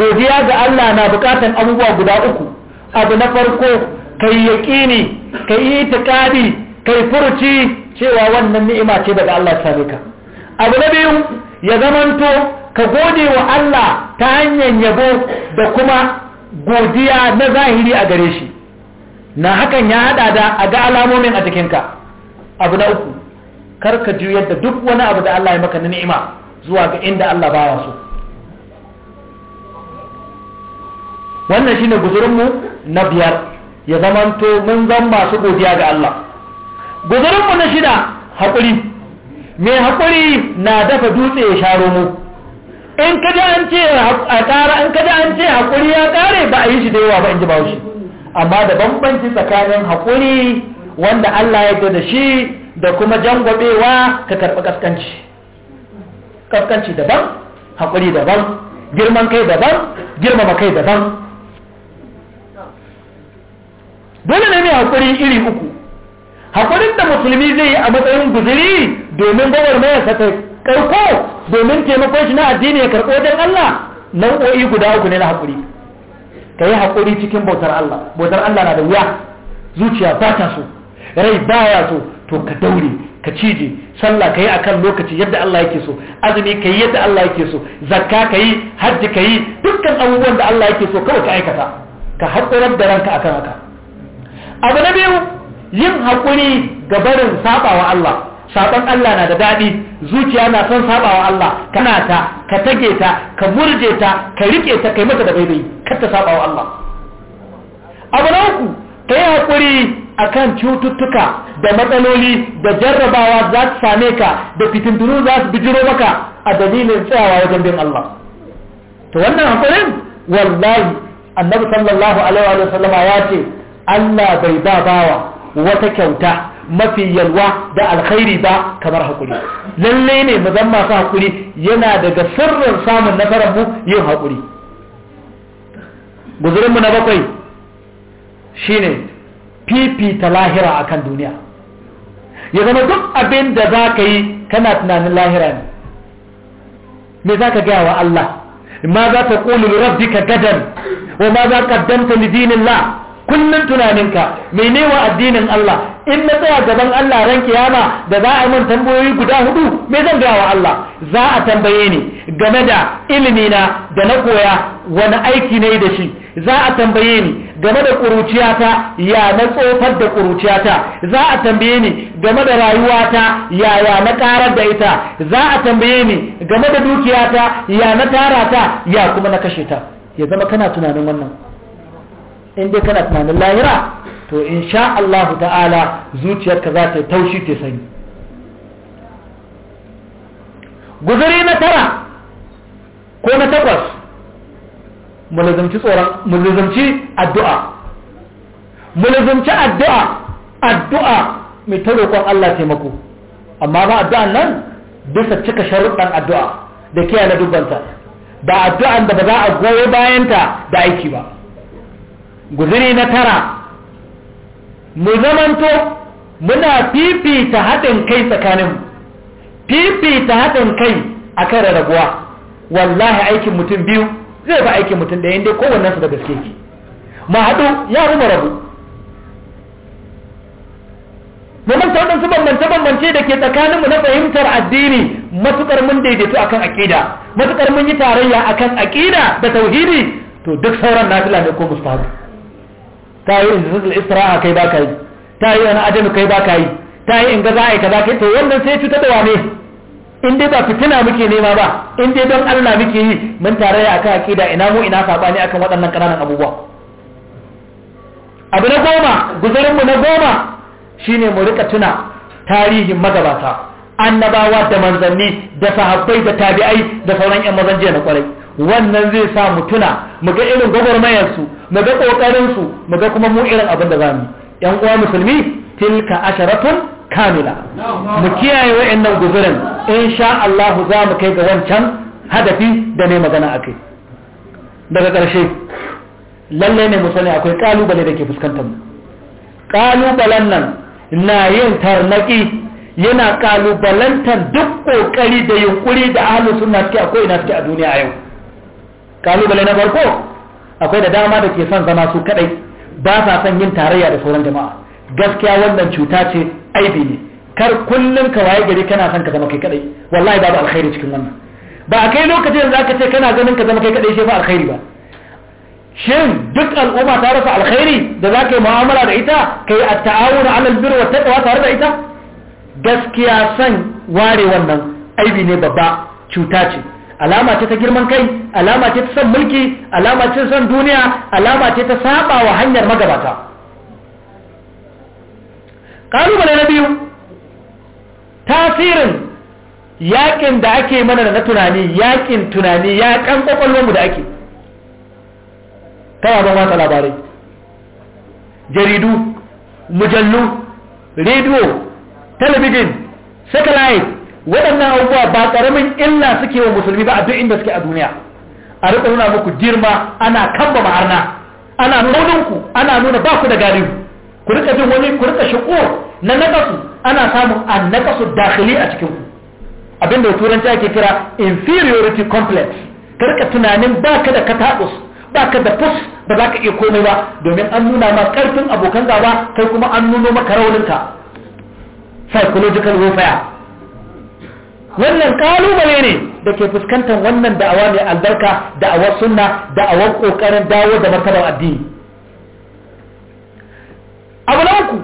godiya ga Allah na bukatan abubuwa guda uku abu na farko kai yaqini kai itiqadi kai furci cewa wannan ni'ima ce daga Allah ta ka abu na biyu ya zamanto ka gode wa Allah ta hanyar yabo da kuma godiya na zahiri a gare shi na hakan ya hada da a ga alamomin a jikinka abu na uku karka juyar da duk wani abu da Allah ya maka na ni'ima zuwa ga inda Allah baya so wannan shine guzurinmu na biyar ya zamanto mun zan masu godiya ga Allah guzurinmu na shida haƙuri mai hakuri na dafa dutse ya sha romo in kaji an ce a ƙara an kaji an ce haƙuri ya ƙare ba a yi shi da yawa ba in ji ba shi amma da bambanci tsakanin haƙuri wanda Allah ya yarda da shi da kuma jangwabewa ka karɓi kaskanci kaskanci daban haƙuri daban girman kai daban girmama kai daban dole ne mai haƙuri iri uku haƙurin da musulmi zai yi a matsayin guziri domin gwagwarmayar sa ta ƙarko domin taimakon shi na addini ya karɓo don Allah nau'o'i guda uku ne na haƙuri ka yi haƙuri cikin bautar Allah bautar Allah na da wuya zuciya ba ta so rai baya so to ka daure ka cije sallah ka yi akan lokaci yadda Allah yake so azumi ka yi yadda Allah yake so zakka ka yi hajji ka yi dukkan abubuwan da Allah yake so kawai ka aikata ka haƙurar da ranka akan haka abu na biyu yin haƙuri ga barin saɓawa Allah saban Allah na da daɗi zuciya na son saɓawa Allah kana ta ka tage ta ka burje ta ka rike ta kai mata da baibai kar ta sabawa Allah abu na uku ka yi haƙuri a kan cututtuka da matsaloli da jarrabawa za su same ka da fitintunu za su bijiro maka a dalilin tsayawa wajen bin Allah to wannan haƙurin wallahi annabi sallallahu alaihi wa sallama ya ce Allah bai ba bawa wata kyauta mafi yalwa da alkhairi ba kamar hakuri lalle ne mu zan masu hakuri yana daga sirrin samun nasarar mu yin hakuri guzurin mu na bakwai shine fifita lahira akan duniya ya zama duk abin da za ka yi kana tunanin lahira ne me za ka gaya wa Allah ma za ta ƙulul rabbika gadan wa ma za ka damta lidinin la kullum tunaninka mene wa addinin Allah in na tsaya gaban Allah ran kiyama da za a yi min tambayoyi guda hudu me zan gaya wa Allah za a tambaye ni game da ilimi na da na koya wani aiki ne da shi za a tambaye ni game da ƙuruciyata ya na tsofar da ƙuruciyata za a tambaye ni game da rayuwata ya ya na ƙarar da ita za a tambaye ni game da dukiyata ya na tara ta ya kuma na kashe ta ya zama kana tunanin wannan in dai kana tunanin lahira to in sha Allahu ta'ala zuciyarka za ta taushi ta sani. guzuri na tara ko na takwas mulazamci tsoron addu'a mulazamci addu'a addu'a mai ta roƙon Allah taimako amma ba addu'an nan bisa cika sharuɗan addu'a da kiyaye na dubbanta da addu'an da ba za a goyi bayanta da aiki ba guzuri na tara mu zamanto muna fifita haɗin kai tsakanin fifita haɗin kai a kan rarrabuwa wallahi aikin mutum biyu zai ba aikin mutum ɗaya inda kowannen su da gaske ki ma haɗu ya mu rabu domin ta waɗansu bambance-bambance da ke tsakaninmu na fahimtar addini matuƙar mun daidaito akan aƙida matuƙar mun yi tarayya akan aƙida da tauhidi to duk sauran na nafila ne ko mustahabi ta yi in zuzul kai ba ka yi ta yi wani adalu kai ba ka yi ta yi in za a yi kaza kai to wannan sai cutar da wane in dai ba fitina muke nema ba in dai don Allah muke yi mun tare a akan aqida ina mu ina sabani akan waɗannan ƙananan abubuwa abu na goma guzarin mu na goma shine mu rika tuna tarihin magabata annabawa da manzanni da sahabbai da tabi'ai da sauran yan mazan jiya na kwarai wannan zai sa mu tuna mu ga irin gwagwarmayarsu mu ga kokarin su mu ga kuma mu irin abin da za mu yan uwa musulmi tilka asharatun kamila mu kiyaye wayannan guzurin insha Allah za mu kai ga wancan hadafi da ne magana akai daga ƙarshe lalle ne mu sani akwai kalubale da ke fuskantar mu kalubalen nan na yin tarnaki yana kalubalantar duk kokari da yunkuri da ahlus sunna suke akwai na suke a duniya a yau kalubale na farko akwai da dama da ke son zama su kadai ba sa son yin tarayya da sauran jama'a gaskiya wannan cuta ce aibi ne kar kullum ka waye gari kana son ka zama kai kadai wallahi babu alkhairi cikin wannan ba a kai lokacin da zaka ce kana ganin ka zama kai kadai shi ba alkhairi ba shin duk al'umma ta rasa alkhairi da zaka yi mu'amala da ita kai at-ta'awunu 'ala al-birri wa taqwa tare da ita gaskiya son ware wannan aibi ne babba cuta ce alama ce ta girman kai alama ce ta san mulki alama ce ta san duniya alama ce ta saba wa hanyar magabata ƙalubale na biyu tasirin yakin da ake mana na tunani yakin tunani yakan mu da ake kawaban watsa labarai jaridu mujallu rediyo talabijin satellite waɗannan abubuwa ba ƙaramin illa suke wa musulmi ba a duk inda suke a duniya a riƙa nuna muku girma ana kamba ma'arna ana nuna ku ana nuna ba ku da gari ku riƙa jin wani ku riƙa shiƙo na naƙasu ana samun an naƙasu dakili a cikin ku abinda turanci ake kira inferiority complex karka tunanin baka da ba baka da fus ba za ka iya komai ba domin an nuna ma karfin abokan gaba kai kuma an nuno maka rauninka psychological warfare wannan kalubale ne da ke fuskantar wannan da'awa mai albarka da'awar sunna da'awar kokarin dawo da martabar addini abu na uku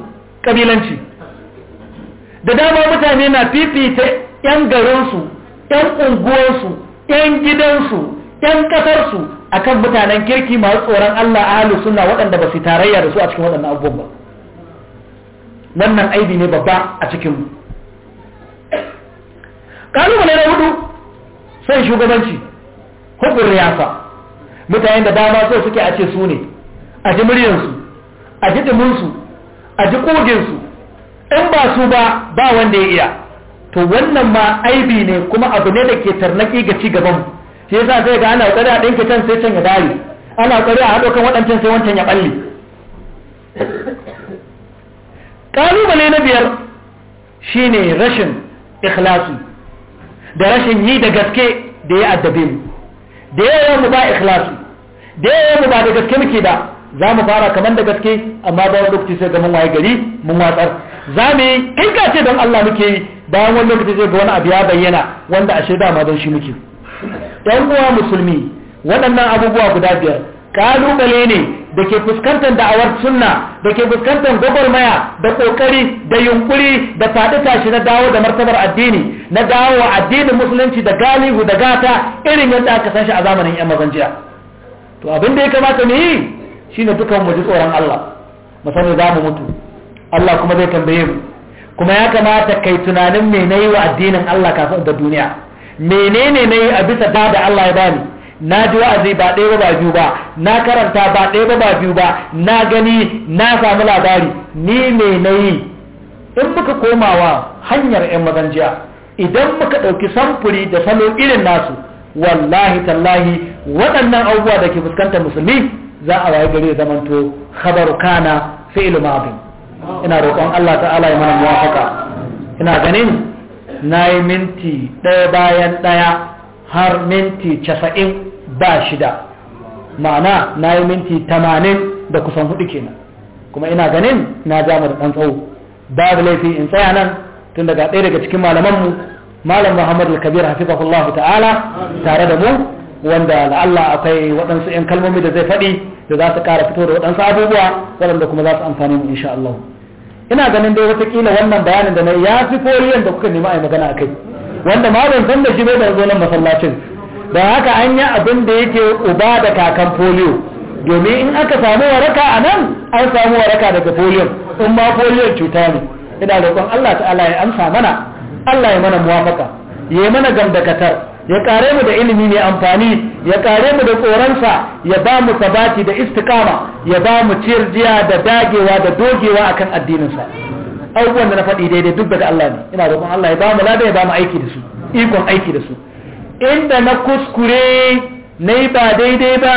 kabilanci da dama mutane na fifita 'yan garinsu 'yan unguwarsu 'yan gidansu 'yan kasarsu kan mutanen kirki masu tsoron Allah ahalu suna waɗanda ba su tarayya da su a cikin waɗannan abubuwan ba wannan aibi ne babba a cikinmu kalubale na hudu sai shugabanci hukun riyasa mutane da dama so suke a ce su ne a ji muryansu a ji diminsu a ji koginsu in ba su ba ba wanda ya iya to wannan ma aibi ne kuma abu ne da ke tarnaki ga ci gaban shi yasa sai ga ana kare a dinke can sai can ya dali ana kare a hado kan wadancan sai wancan ya balle kalubale na biyar shine rashin ikhlasi da rashin yi da gaske da ya addabe mu da yawa mu ba ikhlasu da yawa mu ba da gaske muke ba za mu fara kamar da gaske amma bayan lokaci sai ga mun waye gari mun watsar za mu yi in ka ce don Allah muke yi bayan wani lokaci sai ga wani abu ya bayyana wanda a ashe dama don shi muke yan uwa musulmi waɗannan abubuwa guda biyar kalubale ne da ke fuskantar da'awar sunna da ke fuskantar gwagwarmaya da kokari da yunkuri da faɗi tashi na dawo da martabar addini na dawo wa addinin musulunci da galihu da gata irin yadda aka san shi a zamanin yan mazanjiya to abin da ya kamata mu yi shine dukan mu ji tsoron Allah mu sani za mu mutu Allah kuma zai tambaye mu kuma ya kamata kai tunanin me nayi wa addinin Allah kafin da duniya menene nayi a bisa da Allah ya bani na ji wa'azi ba ɗaya ba biyu ba na karanta ba ɗaya ba biyu ba na gani na samu labari ni me na yi in muka komawa hanyar 'yan mazanjiya idan muka ɗauki samfuri da salo irin nasu wallahi tallahi waɗannan abubuwa da ke fuskantar musulmi za a rayu gari zamanto habar kana fi'il ma'abi ina roƙon Allah ta'ala ya mana muwafaka ina ganin na yi minti ɗaya bayan ɗaya har minti casa'in ba shida ma'ana na yi minti tamanin da kusan hudu kenan kuma ina ganin na jama da ɗan tsawo babu laifi in tsaya nan tun daga ɗaya daga cikin malamanmu malam muhammad al-kabir hafizahullahu ta'ala tare da mu wanda la'alla akwai waɗansu 'yan kalmomi da zai faɗi da za su ƙara fito da waɗansu abubuwa waɗanda kuma za su amfani mu insha ina ganin dai watakila wannan bayanin da na ya fi koriyan da kuka nema a yi magana a kai wanda ma ban san da shi bai zo nan masallacin da haka an yi abin da yake uba da kakan polio domin in aka samu waraka a nan an samu waraka daga polio in ma polio cuta ne ina roƙon Allah ta'ala ya amsa mana Allah ya mana muwafaka ya yi mana gamdakatar ya kare mu da ilimi mai amfani ya kare mu da tsoronsa ya ba mu sabati da istikama ya ba mu ciyar da dagewa da dogewa akan addininsa abubuwan da na faɗi daidai duk daga Allah ne ina roƙon Allah ya ba mu lada ya ba aiki da su ikon aiki da su inda na kuskure na yi ba daidai ba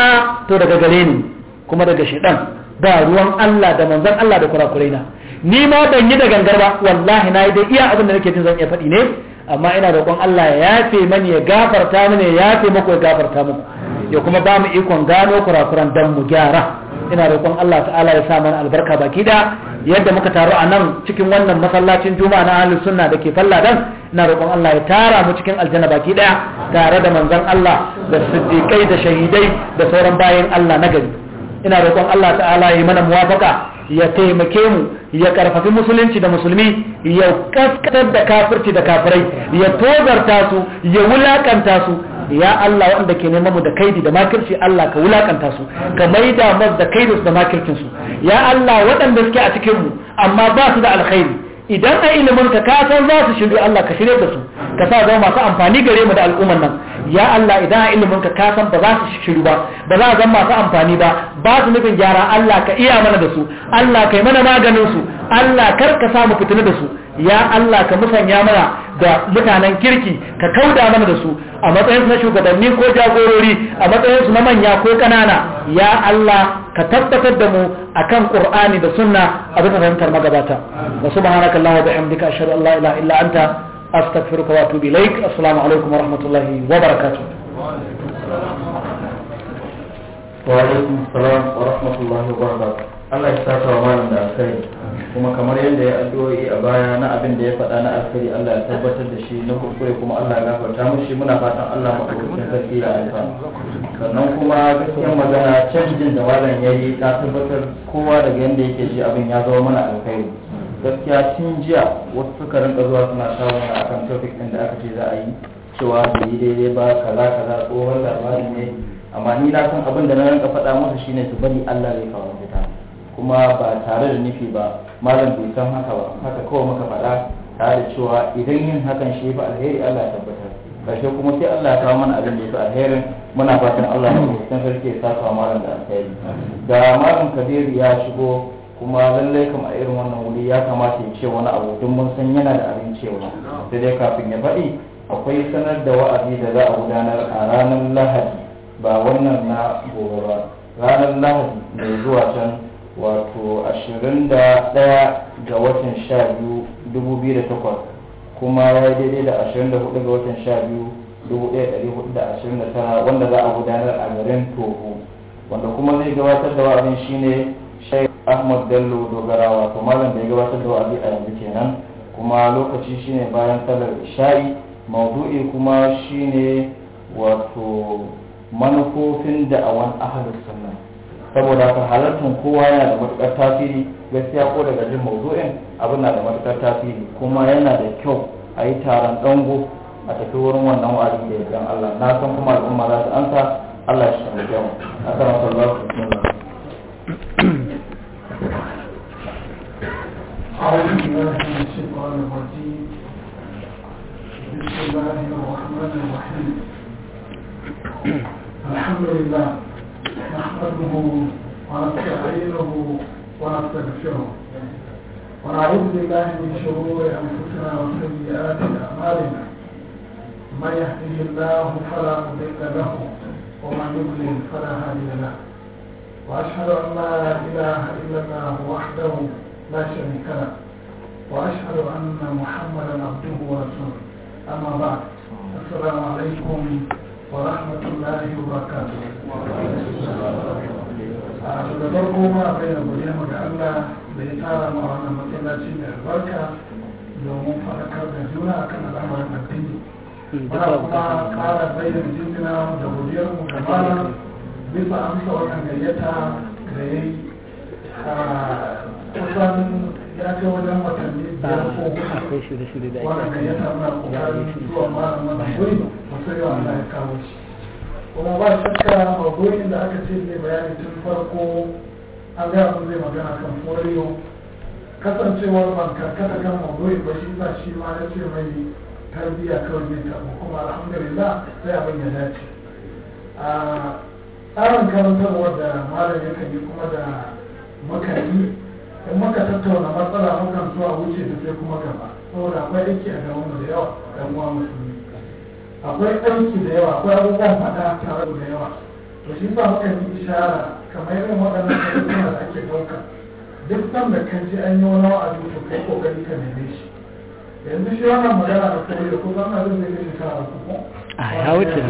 to daga gare ni kuma daga shaɗan ba ruwan Allah da manzan Allah da kurakurai na ni ma ban yi da gangar ba wallahi na yi dai iya abin da nake jin zan iya faɗi ne amma ina roƙon Allah ya yafe mani ya gafarta mani ya yafe muku ya gafarta muku ya kuma ba mu ikon gano kurakuran dan mu gyara ina roƙon Allah ta'ala ya sa mana albarka baki da yadda muka taru a nan cikin wannan masallacin juma'a na ahlus sunna da ke falladan na roƙon Allah ya tara mu cikin aljanna baki ɗaya tare da manzon Allah da siddiƙai da shahidai da sauran bayan Allah na gari ina roƙon Allah ta'ala ya mana muwafaka ya taimake mu ya karfafi musulunci da musulmi ya kaskatar da kafirci da kafirai ya tozarta su ya wulakanta su ya Allah wanda ke neman mu da kaidi da makirci Allah ka wulakanta su ka maida mas da kaidi da makircin su ya Allah waɗanda suke a cikin mu amma ba su da alkhairi idan a ilimin ka san za su shirye Allah ka shirye da su ka sa zama masu amfani gare mu da al'ummar nan ya Allah idan a ilimin ka kasan ba za su shiru ba ba za a zan masu amfani ba ba su nufin gyara Allah ka iya mana da su Allah kai mana maganin su Allah kar ka samu fitina da su ya Allah ka musanya mana da mutanen kirki ka kauda mana da su a matsayin na shugabanni ko jagorori a matsayin su na manya ko kanana ya Allah ka tabbatar da mu akan Qur'ani da Sunna a bisa fahimtar magabata wa subhanakallahumma wa bihamdika ashhadu an la ilaha illa anta أستغفرك وأتوب إليك السلام عليكم ورحمة الله وبركاته وعليكم السلام ورحمة الله وبركاته Allah ya saka wa malam da alkhairi kuma kamar yadda ya addu'o'i a baya na abin da ya faɗa na alkhairi Allah ya tabbatar da shi na kuskure kuma Allah ya gafarta mushi muna fatan Allah madaukakin sarki da alfa sannan kuma gaskiyar magana canjin da malam yayi ta tabbatar kowa daga yadda yake ji abin ya zama mana alkhairi gaskiya tun jiya wasu suka rinka zuwa suna samun a kan topic ɗin da aka ce za a yi cewa da yi daidai ba kaza kaza tsohon labari ne amma ni na san abin da na rinka faɗa masa shine su bari Allah zai kawo mafita kuma ba tare da nufi ba malam bai san haka ba haka kawai muka faɗa tare da cewa idan yin hakan shi ba alheri Allah ya tabbatar karshe kuma sai Allah ya kawo mana abin da ya fi alherin muna fatan Allah ya san sarki sa saka malam da alheri da malam Kabiru ya shigo kuma lallai kam a irin wannan wuri ya kamata ya ce wani abu don mun san yana da abin cewa sai dai kafin ya faɗi akwai sanar da wa'azi da za a gudanar a ranar lahadi ba wannan na gobe ba ranar lahadi mai zuwa can wato 21 ga watan 12 2008 kuma ya yi daidai da 24 ga watan 12 1429 wanda za a gudanar a garin togo wanda kuma zai gabatar da wa'azin shine ahmad bello dogarawa to malam da ya gabatar da wa'azi a yanzu kenan kuma lokaci shine bayan salar isha'i maudu'i kuma shine wato manufofin da'awan ahalus sannan saboda haka halartar kowa yana da matukar tasiri gaskiya ko daga jin maudu'in abin na da matukar tasiri kuma yana da kyau a yi taron dango a tafi wurin wannan wa'azi da yardan Allah na san kuma al'umma za su ansa Allah shi mu. Assalamu alaikum. أعوذ بالله من الشيطان الرجيم بسم الله الرحمن الرحيم الحمد لله نحمده ونستعينه ونستغفره ونعوذ بالله من شرور أنفسنا وسيئات أعمالنا من يهده الله فلا مضل له ومن يضلل فلا هادي له وأشهد أن لا إله إلا الله وحده لا شريك له واشهد ان محمدا عبده ورسوله اما بعد السلام عليكم ورحمه الله وبركاته أعتذركم بين بريمة ألا بإطارة معنا مثلا جميع البركة يوم فلك بجونا كان الأمر المدين ورحمة قال بين kusan ya wajen watanni biyar ko zuwa yawa ya kawo shi kuma ba shakka magoyin da aka ce zai bayani tun farko an gaya mun zai magana kan foriyo kasancewar ban karkata kan magoyin ba shi sa shi ma ya ce mai tarbiyya kawai zai karbo kuma alhamdulillah sai abin ya dace a tsarin karantarwa da malam ya kan yi kuma da makani. in muka tattauna matsala mukan so a wuce da sai kuma gaba saboda akwai aiki a gaban da yawa dan uwa musulmi akwai aiki da yawa akwai abubuwan fada tare da yawa to shi sa muka yi ishara kamar irin waɗannan abubuwan da ake ɗauka duk da kan ji an yi wani wa'azi to kai kokari ka neme shi yanzu shi wannan magana da kuma da kuma ana zai kai shekara uku a ya wuce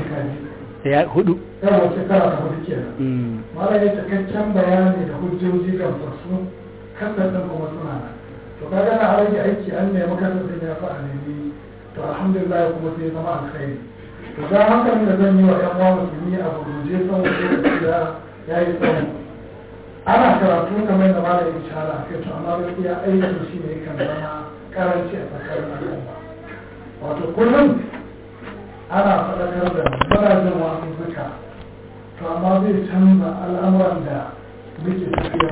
ya hudu yawa shekara da hudu kenan mm. malam ya cikakken bayani da hujjoji gamsassu kasar ɗin kuma suna nan to kaga na rage aiki an nemi kasar ɗin ya fi a nemi to alhamdulillah kuma sai zama alkhairi to ga hankali da zan yi wa ƴan uwa musulmi a gurguje saboda da ya yi tsawo ana karatu kamar da mara yin shara a kai to amma gaskiya aikin shi ne kan zama karanci a tsakanin al'umma wato kullum ana faɗakar da marajin wasu zuka to amma zai canza al'amuran da muke tafiya